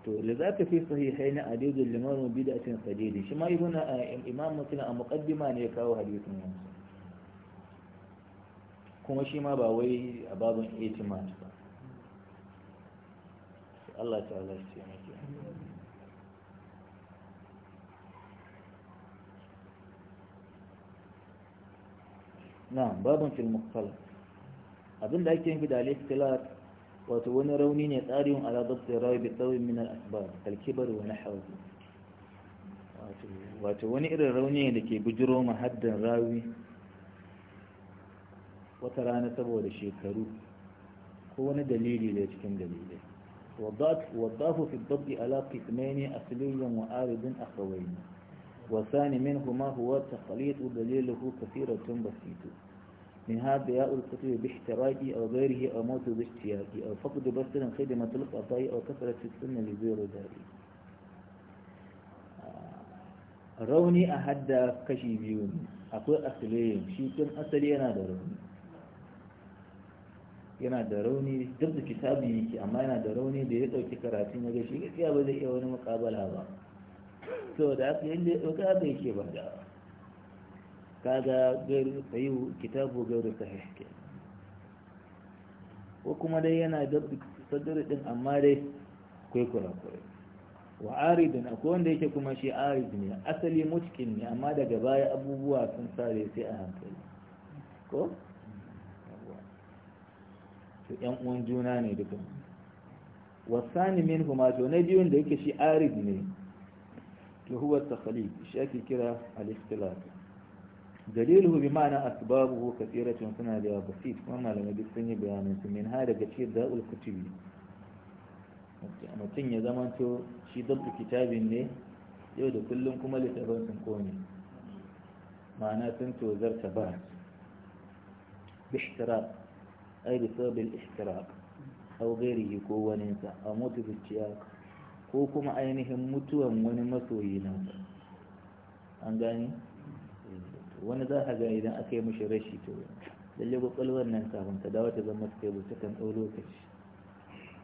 لذلك في صحيحين عديد لمن بدعة فجيد شما يقولنا الامام آه، مثلا مقدمة أن يكاو حديث من كما شما باوي أباب إيتمات الله تعالى استعمال نعم باب في المختلط أظن لا يمكن بدأ الاختلاف wato wani rauni ne tsarin ala dabta rawa bi tsawin min al kalkibar wani kibar wato wani irin rauni ne da ke bujiro mahaddan rawi wata rana saboda shekaru ko wani dalili da cikin dalilai والضعف في الضبط على قسمين أصلي وعارض أخوين والثاني منهما هو التخليط دليله كثيرة بسيطة منها ضياء الكتب باحتراق أو غيره أو موت باشتياق أو فقد بسر خدمة القضاء أو كثرة السنة لزير ذلك rauni a hadda kashi biyu ne akwai asiliyin shi tun asali yana da rauni yana da rauni duk da kitabi yake amma yana da rauni da ya ɗauki karatu na gashi gaskiya ba zai iya wani mukabala ba so da aka yi da ya ɗauka bai ke ba da kaga gairu sahihu kitabu gairu sahih ke ko kuma dai yana da sadar din amma dai kai kurakurai wa aridun akwai wanda yake kuma shi arid ne asali mutkin ne amma daga baya abubuwa sun sare sai a hankali ko to yan uwan juna ne duka wasani min huma to na biyun da yake shi arid ne to huwa takhliq shi ake kira al-ikhtilaf dalilu bi ma'ana asbabuhu kathiratun suna da yawa basit kuma malamai duk sun yi bayanin su min ha daga cikin kutubi mutum ya zamanto shi dabu kitabin ne yau da kullum kuma littafin sun kone ma'ana sun tozarta ba bishtirak ai da sabin ishtirak au gairihi ko waninsa a mutu ko kuma ainihin mutuwan wani masoyi nasa an gani wani za a gani idan aka yi mashi rashi to lalle kwakwalwar nan kafin ta dawo ta zama stable ta kan ɗau lokaci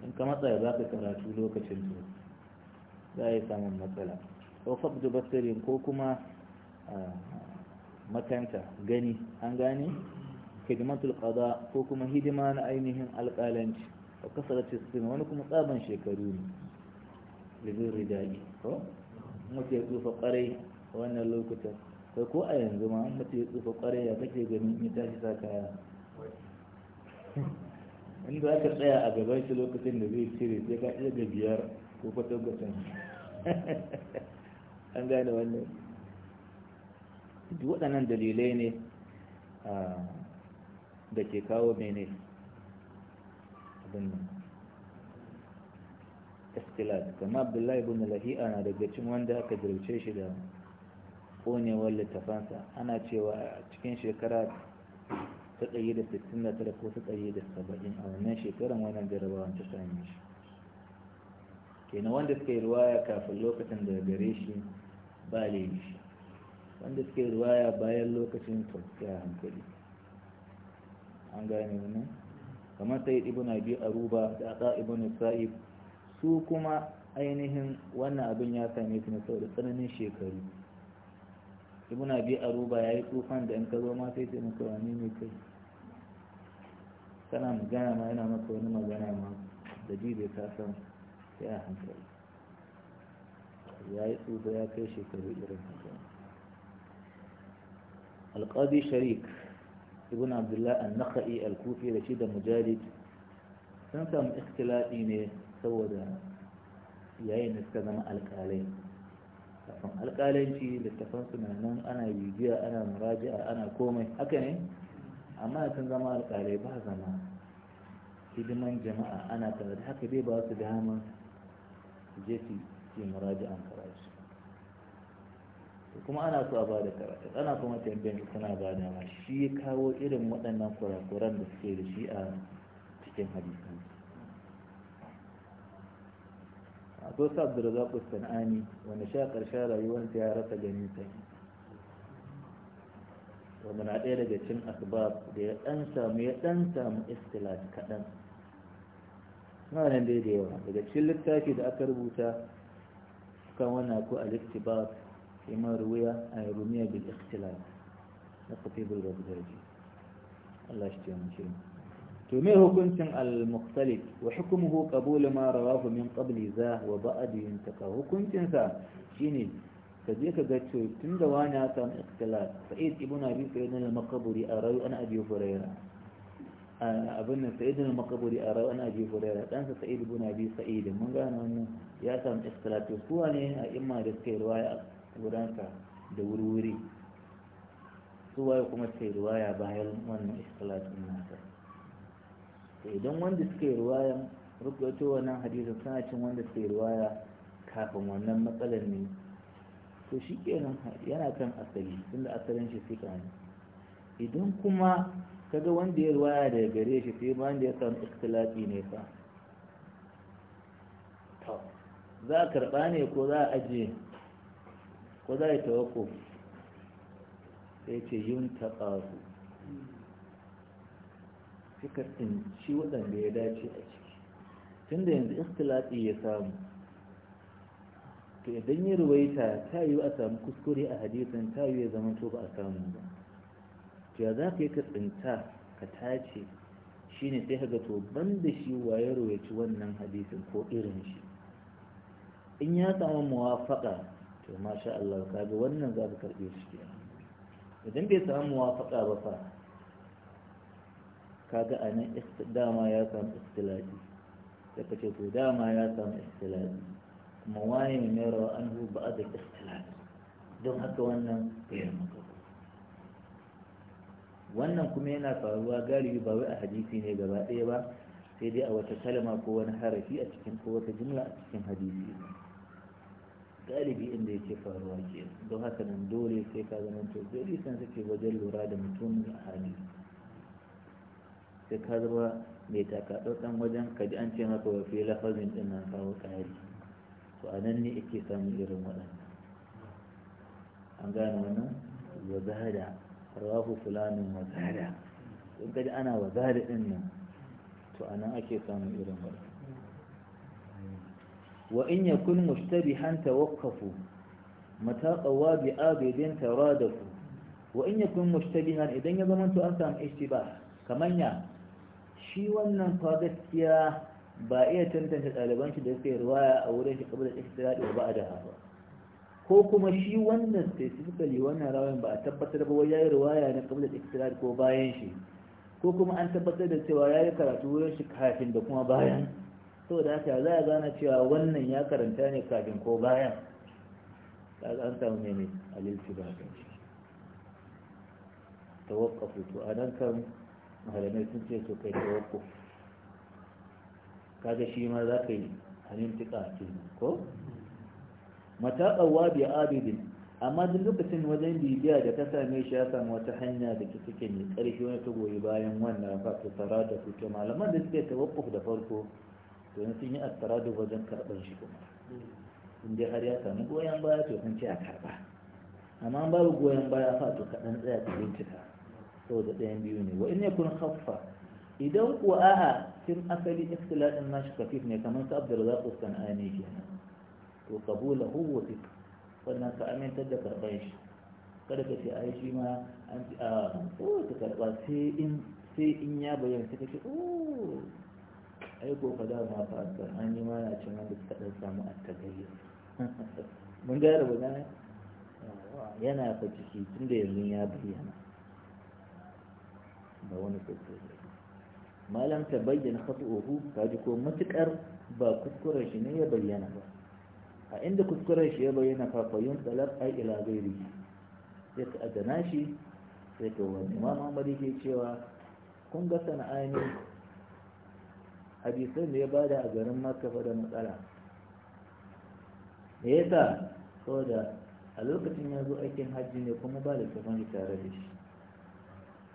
in ka matsa za ka karatu lokacin to za a yi samun matsala ko fabdu basirin ko kuma makanta gani an gane hidimatul qada ko kuma hidima na ainihin alƙalanci wa kasarati sin wani kuma tsaban shekaru ne libin ridai ko mutum ya tsufa a wannan lokutan kai ko a yanzu ma an mace tsufa kwarai ya kake gani in ta sa kaya in za ka tsaya a gaban shi lokacin da zai cire sai ka iya ga biyar ko kwatankwatan an gane wannan waɗannan dalilai ne da ke kawo mene abin nan istilat kama abdullahi ibn lahi'a na daga cin wanda aka dirce shi da konewar littafansa ana cewa a cikin shekara ta ɗaya da sittin da tara ko ta ɗaya da saba'in a wannan shekaran wannan jarabawa ta same shi kenan wanda suka yi ruwaya kafin lokacin da gare shi ba laifi wanda suka yi ruwaya bayan lokacin tafiya hankali an gane wani. kamar sai ibn abi aruba da aka ibn sa'ib su kuma ainihin wannan abin ya same su ne saboda tsananin shekaru muna bi a roba ya yi tsufan da in ka zo ma sai sai maka wani ne kai kana magana ma yana maka wani magana ma da ji bai ka san sai a hankali ya yi tsufa ya kai shekaru irin haka alƙadi sharik ibn abdullahi an-nakhai al-kufi da shi da mujahid sun samu ikhtilati ne saboda yayin da suka zama alƙalai kafin alƙalanci littafan suna nan ana bibiya ana muraji'a ana komai haka ne amma san zama alƙalai ba zama hidiman jama'a ana tare da haka dai ba su su je su yi an karatu kuma ana so a ba da karatu ana kuma tambayin kuna ba da shi kawo irin waɗannan kurakuran da suke da shi a cikin hadisansu akwai sa abdurrazak sanani wanda sha ƙarshen rayuwarsa ya rasa ganin sa wanda na ɗaya daga cin asbab da ya ɗan samu ya ɗan samu istilat kaɗan suna nan dai da yawa daga cikin littafi da aka rubuta kan wannan ko al-iktibas imar ruwiya a rumiya bil ikhtilaf na kafibul rabdaji Allah shi ce mu to me hukuncin al-mukhtalif wa hukmuhu qabulu ma rawahu min qabli za wa ba'd yantaka hukuncin sa shine ka je ka ga to tunda wani ya samu ikhtilaf sa'id ibn abi sa'id al-maqburi arayu an abi hurayra abin sa'id al-maqburi arayu an abi hurayra dan sa sa'id ibn abi sa'id mun gane wannan ya samu ikhtilaf to su wane a imma da suka riwaya gudanka da wurwuri su waye kuma sai riwaya bayan wannan ikhtilaf din nasa idan wanda suka yi ruwayan rubuto wannan hadisin suna cin wanda suka yi ruwaya kafin wannan matsalar ne to shi kenan yana kan asali tunda asalin shi suka ne idan kuma kaga wanda ya ruwaya daga gare shi sai ba wanda ya samu ikhtilafi ne fa to za a karɓa ne ko za a aje ko za a yi tawakko sai ce yun suka tsinci waɗanda ya dace a ciki tunda yanzu ikhtilati ya samu to idan ya ruwaita ta yi a samu kuskure a hadisan ta yi ya zama to ba a samu ba to ya za ka yi ka tsinta ka tace shi ne sai ka to ban da shi wa ya ruwaici wannan hadisin ko irin shi in ya samu muwafaka to masha Allah ka ga wannan za ka karɓe shi idan bai samu muwafaka ba fa kaga a nan dama ya samu istilafi sai ka ce to dama ya samu istilafi kuma waye ne mai rawa an ba a da istilafi don haka wannan ya maka wannan kuma yana faruwa galibi ba wai a hadisi ne gaba ɗaya ba sai dai a wata kalma ko wani harafi a cikin ko wata jumla a cikin hadisi galibi inda yake faruwa ke don haka nan dole sai ka zama to dole sun suke wajen lura da mutumin a hadisi sai ka zama mai takatsantsan wajen ka ji an ce maka wa fi lafazin ɗin nan kawo tsari to a nan ne ake samun irin waɗannan an gane wannan wazada rawahu fulanin wazada in ka ji ana wazada ɗin nan to a nan ake samun irin waɗannan wa in ya yakun mushtabihan tawakkafu mata tsawa bi abidin taradafu wa in ya yakun mushtabihan idan ya zama to an samu ishtibah kamar ya shi wannan fa gaskiya ba iya tantance ɗaliban shi da suka yi ruwaya a wurin shi kabla ikhtira da ba a da hafa ko kuma shi wannan specifically wannan rawayan ba a tabbatar ba ya yi ruwaya na kabla ikhtira ko bayan shi ko kuma an tabbatar da cewa ya yi karatu wurin shi kafin da kuma bayan da haka za a gane cewa wannan ya karanta ne kafin ko bayan an samu ne ne alilci ba kan shi tawakkafu to a nan kan malamai sun ce su kai tawakko kaga shi ma za ka yi halintika ce ko mata tsawa bi abidin amma duk lokacin wajen bibiya da ta same shi ya samu wata hanya da ke suke mai ƙarfi wani ta goyi bayan wannan fa tsara da fito malaman da suke tawakkuf da farko to sun yi asara da wajen karɓar shi kuma in dai har ya samu goyon baya to sun ce a karɓa amma babu goyon baya fa to kaɗan tsaya ka bincika saboda ɗayan biyu ne wa in yakun khaffa idan ku a'a cin asali ikhtilafin nashi kafif ne kamar su abdurrazzaq as-sanani kenan to qabulahu wa fiqh wannan ka amintar da karban shi kada ka ce ai shi ma an ci a ko ta karɓa sai in sai in ya bayyana sai ka ce oh, ai ko fa da ma fa an yi ma na cin wanda suka dan samu attagayyar mun ga rabu na yana fa ciki tunda yanzu ya bayyana da wani kuskure malam ta bayyana khatu'uhu kaji ko matukar ba kuskuren shi ne ya bayyana ba a inda kuskuren shi ya bayyana fa fa yun talab ai ila gairi sai ka adana shi sai ka wani imam Ahmad yake cewa kun ga sana'ani hadisan da ya bada a garin Makka fa da matsala me yasa saboda a lokacin ya zo aikin hajji ne kuma ba da tsamani tare da shi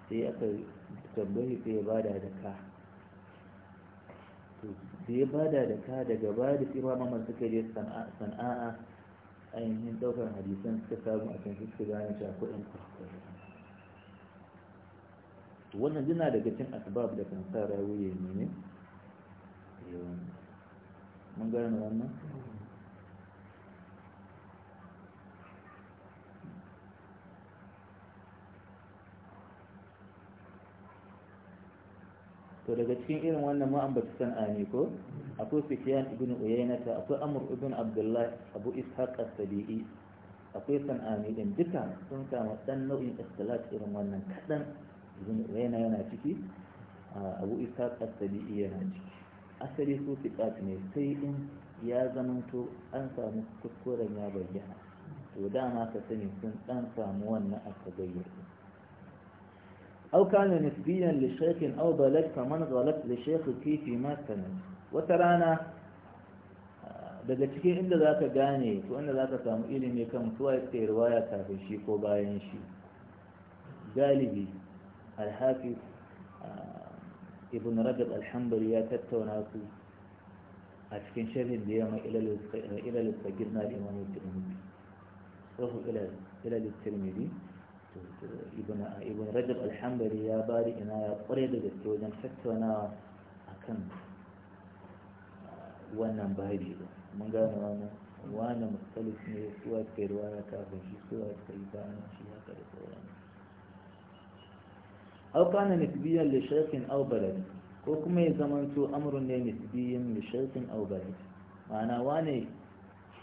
sai aka tambayi sai ya bada da ka to da ya bada da ka daga bada sai ma mamman suka je sana'a ainihin daukar hadisan suka samu a can suka gane cewa kuɗin kuskure wannan jina daga cin asbab da kan sa rawu ya ne eh, mun gane wannan to daga cikin irin wannan ba su san'ani ko akwai fitiyan ibn uyaynata akwai amr ibn abdullah abu ishaq as-sabi'i akwai san'ani din duka sun kama dan nau'in istilat irin wannan kadan ibn uyayna yana ciki abu ishaq as-sabi'i yana ciki asali su fitat ne sai in ya zamanto an samu kuskuren ya bayyana to dama ka sani sun dan samu wannan akabayyar أو كان نسبيا لشيخ أو ضلت فمن غلط لشيخ كيف ما سند وترانا daga cikin inda za ka gane to inda za ka samu ilimi kan mutuwa ya tsaye riwaya kafin shi ko bayan shi galibi alhafi ah, ibn rajab alhambali ya tattauna su a cikin sharhin da ya mai na limamin tirmidhi ibn rajab alhambari ya bari ina ya kware da gaske wajen tattaunawa akan uh, wannan bari mun gane wannan wani mukhtalif ne suwa ke ruwa ya kafin shi suwa kai bayan shi haka da sauran au kana nisbiyan li shaykhin aw balad ko kuma ya to amrun ne nisbiyan li shaykhin aw balad ma'ana wane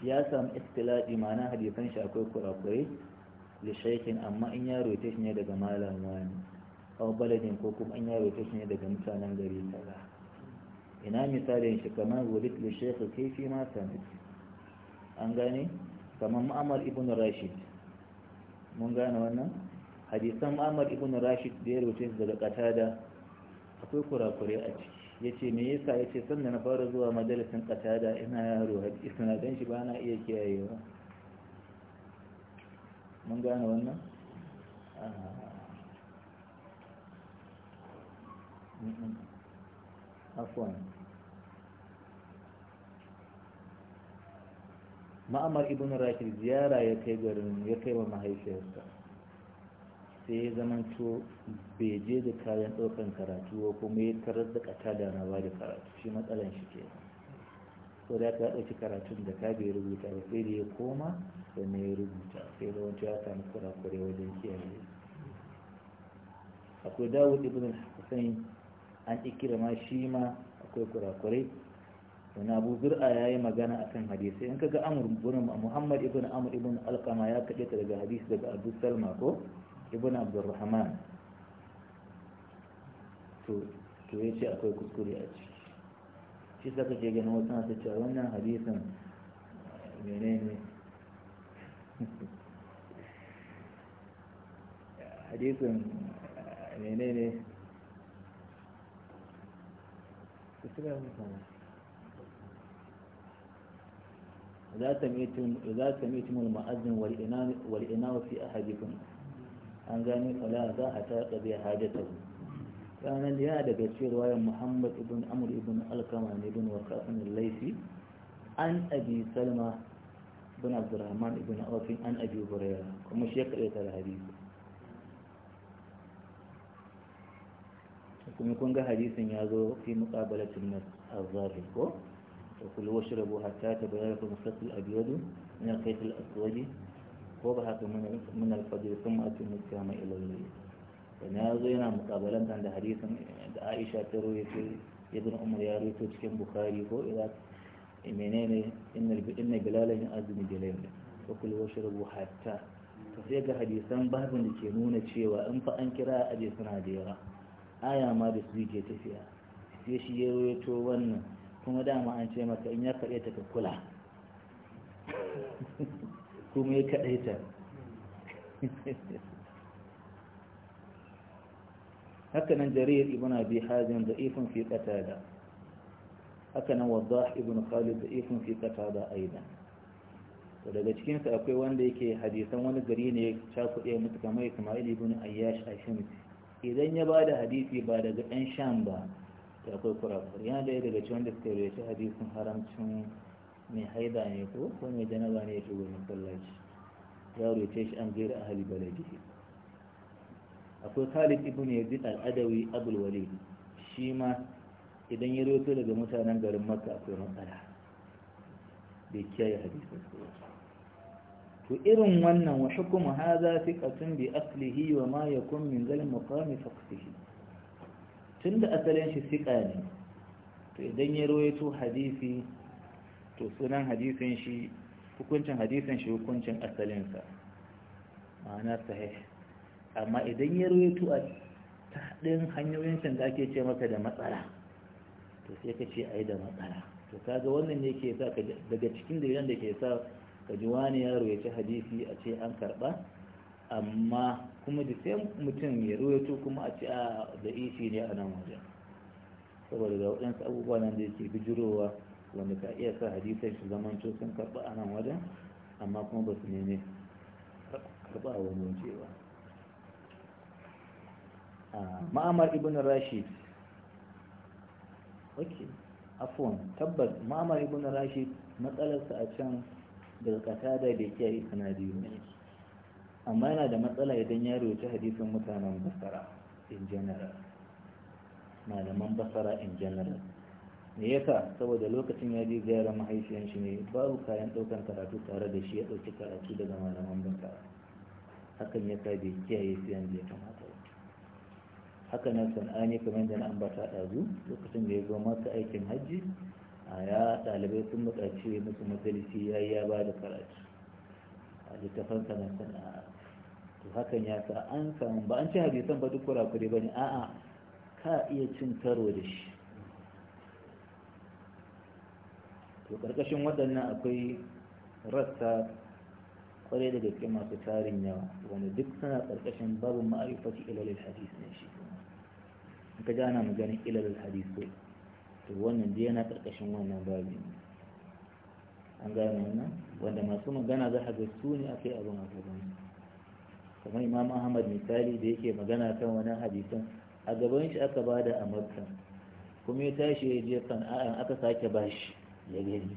ya samu istilaɗi ma'ana hadisan shi akwai kurakurai lishaikin amma in ya rote shi ne daga malamwa ne, aw baladin ko kuma in ya rote shi ne daga mutanen gari kaza ina misalin shi kamar wulit li shaykh kayfi ma sanad an gane kamar Ma'amar ibn Rashid mun gane wannan hadisan Ma'amar ibn Rashid da ya rote daga Qatada akwai kurakure a ciki ya ce me yasa ya ce sannan na fara zuwa majalisin katada ina yaro isna dan shi ba na iya kiyayewa mun gane wannan ah. afwan ma'amar ibn rashid ziyara ya kai garin ya kai wa mahaifiyarsa sai ya zamanto bai je da kayan ɗaukan karatu ba kuma ya tarar da ƙata da rawa da karatu shi matsalan shi kenan so da ta ɗauki karatun da ta bai rubuta ba sai da ya koma sannan ya rubuta sai da wancan ya samu kurakure wajen kiyaye akwai dawud ibn hassan an ikira ma shi ma akwai kurakurai wani abu zur'a ya yi magana a kan hadisi in kaga amur burin muhammad ibn amur ibn alkama ya kaɗe ta daga hadisi daga abu salma ko ibn abdurrahman to ya ce akwai kuskure a ciki shi sa kake ganin wasu na cewa wannan hadisin menene hadisin menene إذا سميتم إذا سميتم المؤذن والإناء والإناء في أحدكم أن فلا ذا حتى قضي حاجته sanan yana daga cikin ruwayar muhammad ibn amr ibn alkama ne ibn wakasin laifi an abi salma ibn abdurrahman ibn aufin an abi burera kuma shi ya kaɗe ta hadisi kuma kun ga hadisin ya zo fi muqabalatin nas azzabi ko to kullu washrabu hatta tabayyana lakum al-khayt al-abyad min al-khayt al-aswad ko ba haka min al-fajr thumma atimmu al-qiyama ila al-layl da ya zo yana mukabalantar da hadisin da aisha ta rawaito ibn umar ya rawaito cikin bukhari ko ila menene inna bilalan azumi bilalan wa kul washrabu hatta to sai ga hadisan babin da ke nuna cewa in fa an kira aje suna da yawa aya ma da su ke tafiya sai shi ya to wannan kuma dama an ce maka in ya kaɗe ta kula kuma ya kaɗe ta Hakanan nan jarir ibn abi hazim da fi qatada ibn khalid da ifin fi qatada aidan to daga cikin akwai wanda yake hadisan wani gari ne ya cakuɗe mutu kamar Ismail ibn Ayyash Hashim idan ya bada hadisi ba daga ɗan Sham ba to akwai kurakura yana da daga cikin wanda suka rawaita hadisin haramcin mai haida ne ko ko mai janaba ne ya shigo masallaci ya rawaita shi an gaira ahli baladihi akwai khalid ibn yazid al-adawi abul walid shi ma idan ya roto daga mutanen garin makka akwai matsala bai kiyaye hadisin su to irin wannan wa hukumu hadha thiqatun bi aslihi wa ma yakun min zal maqami faqtihi tunda asalin shi thiqa ne to idan ya roto hadisi to sunan hadisin shi hukuncin hadisin shi hukuncin asalinsa ma'ana sahih amma idan ya ruwe a ta ɗin hanyoyin can da ake ce maka da matsala to sai ka ce ai da matsala to kaga wannan ne ke sa daga cikin dalilan da ke sa ka ji wani ya rawaito hadisi a ce an karɓa amma kuma da sai mutum ya rawaito kuma a ce a da ishi ne a nan wajen saboda ga waɗansu abubuwa nan da yake bijirowa wanda ka iya sa hadisan shi zaman sun karɓa a nan wajen amma kuma ba su nemi karɓa a wani waje ba ma'amar ibn rashid ok afon tabbas ma'amar ibn rashid matsalarsa a can daga kata da bai kiyaye yi ne amma yana da matsala idan ya rubuta hadisin mutanen basara in general malaman basara in general me yasa saboda lokacin ya ji ziyarar mahaifiyan shi ne babu kayan ɗaukan karatu tare da shi ya ɗauki karatu daga malaman basara hakan ya sa bai kiyaye siyan da ya kamata ba haka nan sana'ani kamar da na ambata ɗazu lokacin da ya zo masu aikin hajji ya ɗalibai sun buƙaci musu majalisi ya yi ya ba karatu a littafan sanar sana'a to hakan ya sa an samu ba an ci hadisan ba duk kurakure ba ne a'a ka iya cin karo da shi to ƙarƙashin waɗannan akwai rassa kwarai da gaske masu tarin yawa wanda duk suna ƙarƙashin babu ma'arifati ilalil hadisi ne shi ka ji ana maganin ilal hadisi to wannan dai yana karkashin wannan babi an gane wannan wanda masu magana za a ga su ne aka abu abin a gaban kamar imam ahmad misali da yake magana kan wani hadisan a gaban shi aka bada a makka kuma ya tashi ya je kan a'an aka sake bashi ya gani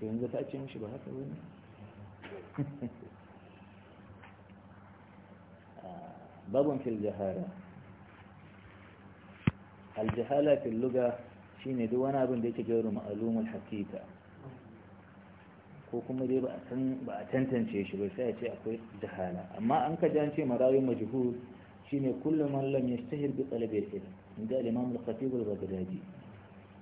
to yanzu ta ce mishi ba haka bane ah, babun fil jahara aljihala fil luga shine duk wani abin da yake gairu ma'alumul hakika ko kuma dai ba a san ba a tantance shi ba sai a ce akwai jahala amma an ka ji ce marayun majhul shine kullu man lam yashtahir bi talabi ilm inda al-imam al-khatib al-baghdadi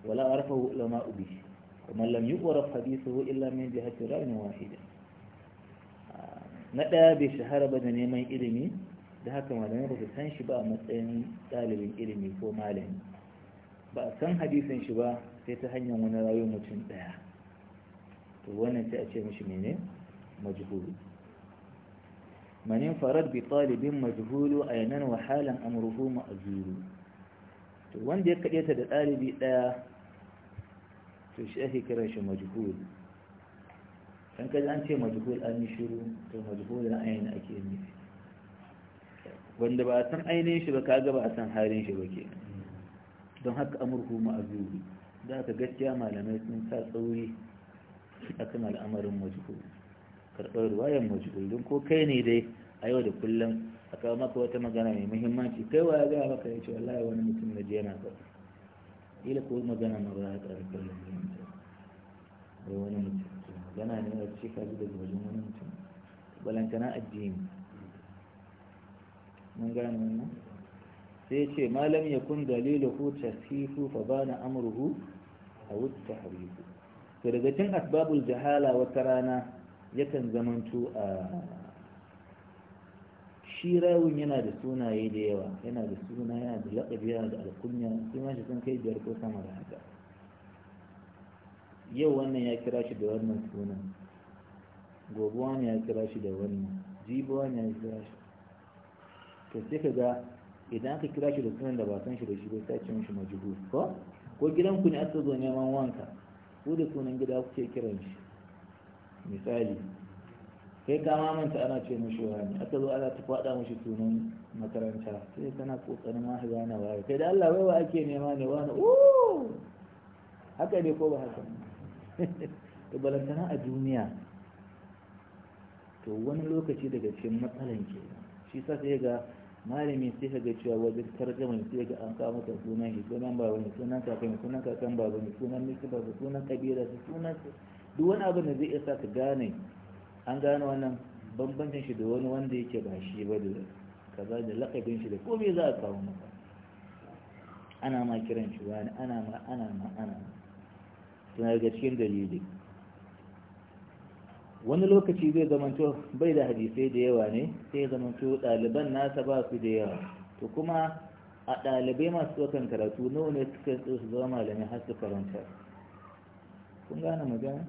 wala arafahu ulama ubi, kuma lam yuqraf hadithuhu illa min jihati ra'yin wahida na daya bai shahara ba da neman ilimi da haka malamai ba su san shi ba a matsayin ɗalibin ilimi ko malami ba a san hadisin shi ba sai ta hanyar wani rayuwar mutum ɗaya to wannan sai a ce mishi mene majhulu manin farad bi ɗalibin majhulu a wa halan amruhu ma'zuru to wanda ya kaɗe ta da ɗalibi ɗaya to shi ake kira shi majhul kan kaji an ce majhul an yi shiru to majhul ra'ayin ake nufi wanda ba a san ainihin shi ba ka ba a san halin shi ba ke don haka amurku ma'azuri da aka gaskiya malamai sun sa tsauri kan al'amarin majikul karɓar ruwayan majikul don ko kai ne dai a yau da kullum a kawo maka wata magana mai muhimmanci kai wa ya gaya maka ya ce wallahi wani mutum na jiya na ba ila ko magana ma ba ta ƙarfi muhimmanci wai wani mutum magana ne a ce kaji da daga wajen wani mutum balantana addini mun gane wannan sai ce malam ya kun daliluhu tasifu fa bana amruhu a wuce harifu to daga cin asbabul jahala wata rana yakan zamanto a shi rawun yana da sunaye da yawa yana da suna yana da laƙabi yana da alkunya sai ma shi sun kai biyar ko sama da haka yau wannan ya kira shi da wannan sunan gobe wani ya kira shi da wannan jibi wani ya kira shi to sai ka ga idan aka kira shi da sunan da ba san shi da shi ba sai ce mishi majibu ko ko gidanku ne aka zo neman wanka ko da sunan gida kuke kiran shi misali kai ka mamanta ana ce mishi wani aka zo ana ta faɗa mishi sunan makaranta sai kana kokarin ma ha gane waye kai da Allah wai wa ake nema ne wani o haka ne ko ba haka to balantana a duniya to wani lokaci daga cikin matsalan ke shi sa sai ga malami sai ka ga cewa wajen tarjama sai ga an kawo mata sunan shi sunan ba wani sunan kaka sunan kakan ba wani sunan miki ba sunan kabila su sunan duk wani abin da zai iya sa ka gane an gane wannan bambancin shi da wani wanda yake ba shi ba da kaza da lakabin shi da komai za a kawo maka ana ma kiran shi wani ana ma ana ma ana ma suna daga cikin dalili wani lokaci zai zamanto bai da hadisai da yawa ne sai ya zamanto ɗaliban nasa ba su da yawa to kuma a ɗalibai masu ɗaukan karatu nawa ne suka yi su zama malamai har su karanta, kun gane magana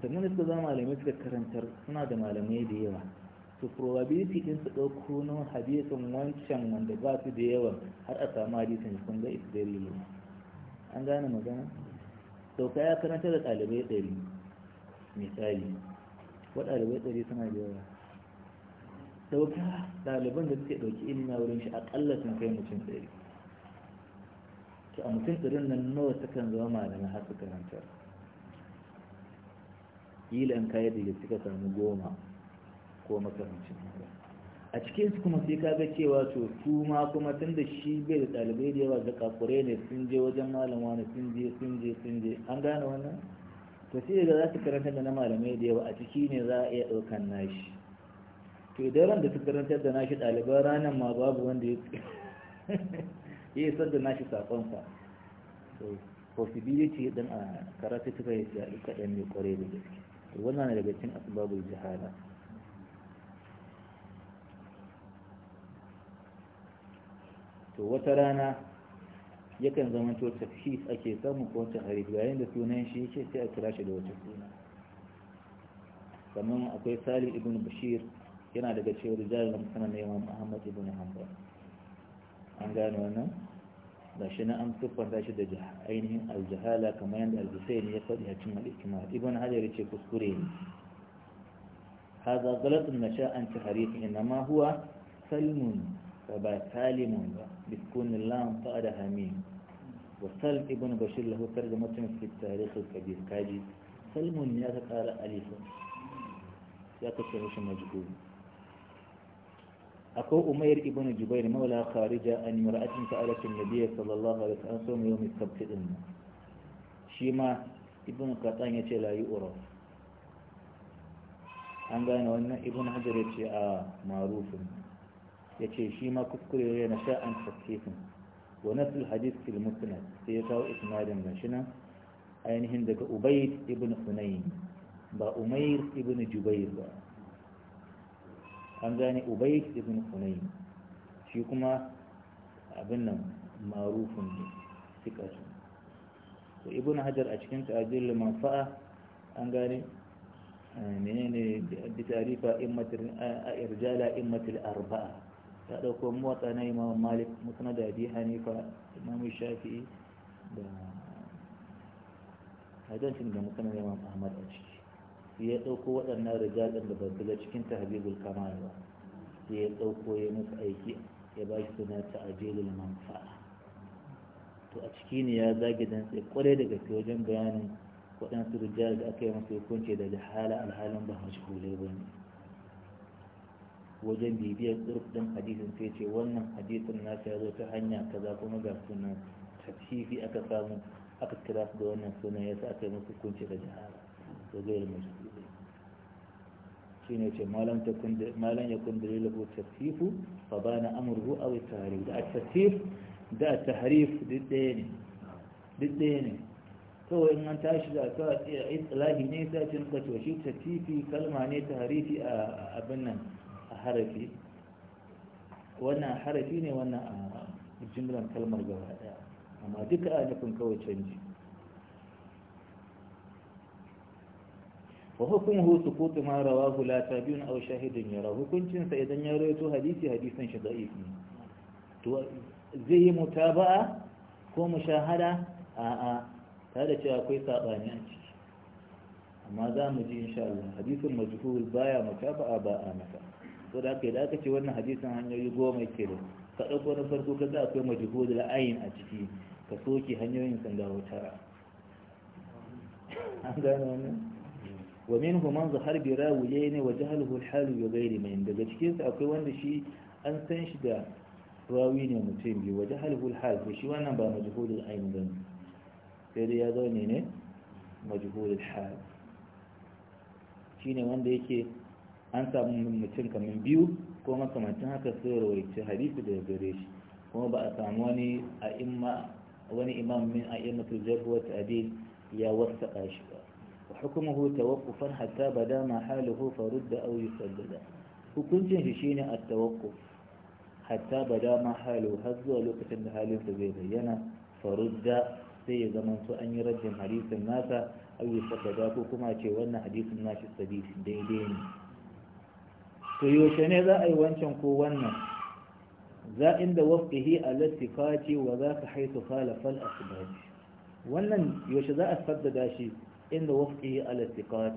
sannan suka zama malamai suka karantar suna da malamai da yawa to probability din su ɗauko na hadisin wancan wanda ba su da yawa har a samu hadisin kun ga is da yawa an gane magana Sauka ya karanta da ɗalibai ɗari misali wa ɗalibai ɗari suna da yawa ɗauka ɗaliban da suke ɗauki ilimi a wurin shi aƙalla sun kai mutum tsari. to a mutum ɗarin nan nawa sukan zama malamin har su karantar kila in kayi da suka samu goma ko makamancin haka a cikin su kuma sai ka ga cewa to su ma kuma tun da shi bai da ɗalibai da yawa da kakure ne sun je wajen malam wani sun je sun je sun je an gane wannan to sai da za su karanta da na malamai da yawa a ciki ne za a iya ɗaukan nashi to idan ran da su karanta da nashi ɗaliban ranar ma babu wanda ya yi isar da nashi saƙonsa to possibility ɗin a karatu suka yi ya ɗuka ɗan mai ƙware da gaske to wannan na daga cikin asbabul jihada to wata rana yakan zama to tafhis ake samu ko taharif yayin da sunan shi yake sai a kira shi da wata suna kamar akwai salim ibn bashir yana daga cewa rijal na musamman na imam ahmad ibn hanbal an gano wannan ga shi na an siffanta shi da ainihin aljahala kamar yadda al-husayn ya faɗi a cikin al'ikima ibn hajar ya ce kuskure ne haza galatun nasha'an sha'an taharif inama huwa salmun فبسالم بتكون اللام طارها ميم وسلم ابن بشير له ترجمة في التاريخ الكبير كاجي سلم يا تقرا الف يا تقرا شو مجبور أكو أمير ابن جبير مولى خارجة أن امرأة سألت النبي صلى الله عليه وسلم يوم السبت إن شيما ابن قطان لا يؤرف أنا أنا ابن حجر يتشي آه معروف ya ce shi ma kuskure ya na sha an tafsirin wa nasul hadis fil musnad sai ya kawo isnadin gashi nan ainihin daga ubayd ibn hunayn ba umair ibn jubair ba an gane ubayd ibn hunayn shi kuma abin nan marufun ne sikatu to ibn hajar a cikin ta'adil manfa'a an gane menene da tarifa immatul irjala immatul arba'a ya ɗauko motsa na imam malik musna da abi hanifa imam shafi'i da hadisin da musna da imam ahmad a ciki ya ɗauko waɗannan rijalin da ba su ga cikin tahbibul kamal ba ya ɗauko ya musu aiki ya ba shi suna ta'ajilul manfa'a to a ciki ne ya zage dan sai kwarai da gaske wajen bayanin waɗansu rijal da aka yi masa hukunci da jahala alhalin ba majhulai ba ne wajen bibiyar ɗin hadisin sai ce wannan hadisin na ya zo ta hanya kaza kuma ga sunan tafifi aka samu aka kira su da wannan sunan ya sa aka yi musu kunce da jihara da zai masu shi ne ce malam ya kun dalilin ko tafifu fa ba na amurhu a wai tarif da a tafif da a taharif duk ɗaya ne duk ɗaya ne kawai in an tashi da kawai a islahi ne sai a cin kwacewa shi tafifi kalma ne taharifi a abin nan harafi wannan harafi ne wannan a jimlar kalmar gaba daya amma duka a nufin kawai canji wa hukumu sukutu ma rawahu la tabi'un aw shahidun yara hukuncin sa idan ya rawaito hadisi hadisan shi da'if ne to zai yi mutaba'a ko mushahada a a ta da cewa akwai sabani a ciki amma za mu ji insha Allah hadisin majhul baya mutaba'a ba a maka. ko da kai da aka ce wannan hadisin hanyoyi goma ke da ka ɗauko na farko ka ga akwai da la'ayin a ciki ka soke hanyoyin sun dawo tara an gane wannan wa min man zahar bi rawiye ne wa jahaluhu alhalu wa ghairi min daga cikin akwai wanda shi an san shi da rawi ne mutum bi wa jahaluhu alhal to shi wannan ba majhul al'ain ba, sai dai ya zaune ne ne majhul shi shine wanda yake an samu mutum kamar biyu ko makamancin haka sai rawaici hadisi daga gare shi kuma ba a samu wani a imma wani imam min a imma tujar wa ta'adil ya wasaƙa shi ba wa hukumuhu tawaqqufan hatta bada ma haluhu farudda aw yusaddada hukuncin shi shine a tawaqquf hatta bada ma haluhu har zuwa lokacin da halinsa zai bayyana farudda sai ya zama su an yi rajin hadisin nasa aw yusaddada ko kuma ce wannan hadisin nashi sabi daidai ne to yaushe ne za a yi wancan ko wannan za inda wafihi al-istifati wa za ka haitu falafal al-asbab wannan yaushe za a saddada shi inda wafihi al-istifat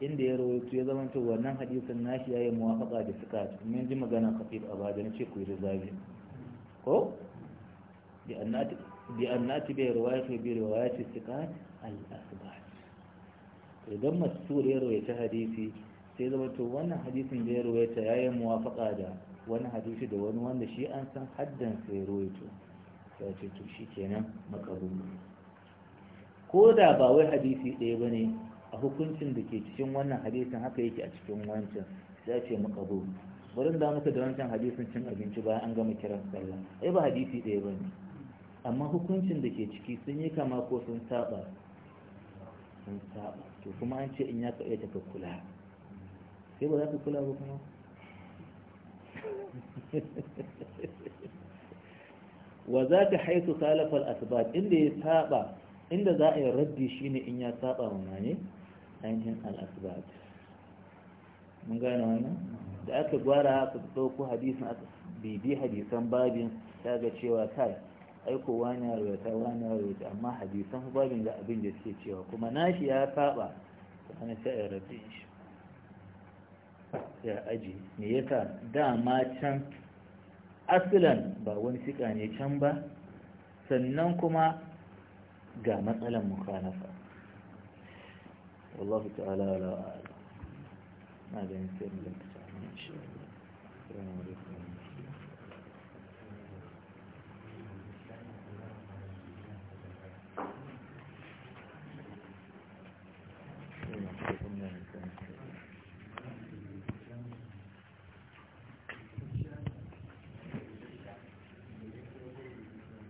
inda ya rawaito ya zamanto wannan hadisin nashi yi muwafaka da suka mun ji magana a abada na ce ku yi rizabi ko bi annati bi annati bi riwayati bi riwayati sikat al asbah idan masur ya rawaita hadisi sai zama to wannan hadisin da ya ruwaita ya yi muwafaƙa da wani hadisi da wani wanda shi an san haddan sai ya ruwaito sai ce to shi kenan makaruni ko da ba wai hadisi ɗaya ba ne a hukuncin da ke cikin wannan hadisin haka yake a cikin wancan sai ce makabu barin da muka da wancan hadisin cin abinci bayan an gama kiran sallah ai ba hadisi ɗaya ba ne amma hukuncin da ke ciki sun yi kama ko sun saba sun saba to kuma an ce in ya ka iya kula kai ba za ka kula ba kuma wa za ka haitu khalafal asbab inda ya saba inda za a yi raddi shine in ya saba wa mane ainihin al asbab mun gane wannan da aka gwara aka dauko hadisin aka bibi hadisan babin ta ga cewa kai aiko wani rubuta wani rubuta amma hadisan babin da abin da suke cewa kuma nashi ya saba ta ana sai a raddi shi ya aji me yasa dama can asilan ba wani sika ne can ba sannan kuma ga matsalan mukanafa wallahu ta'ala ala'ala na ganin sai mu lantarki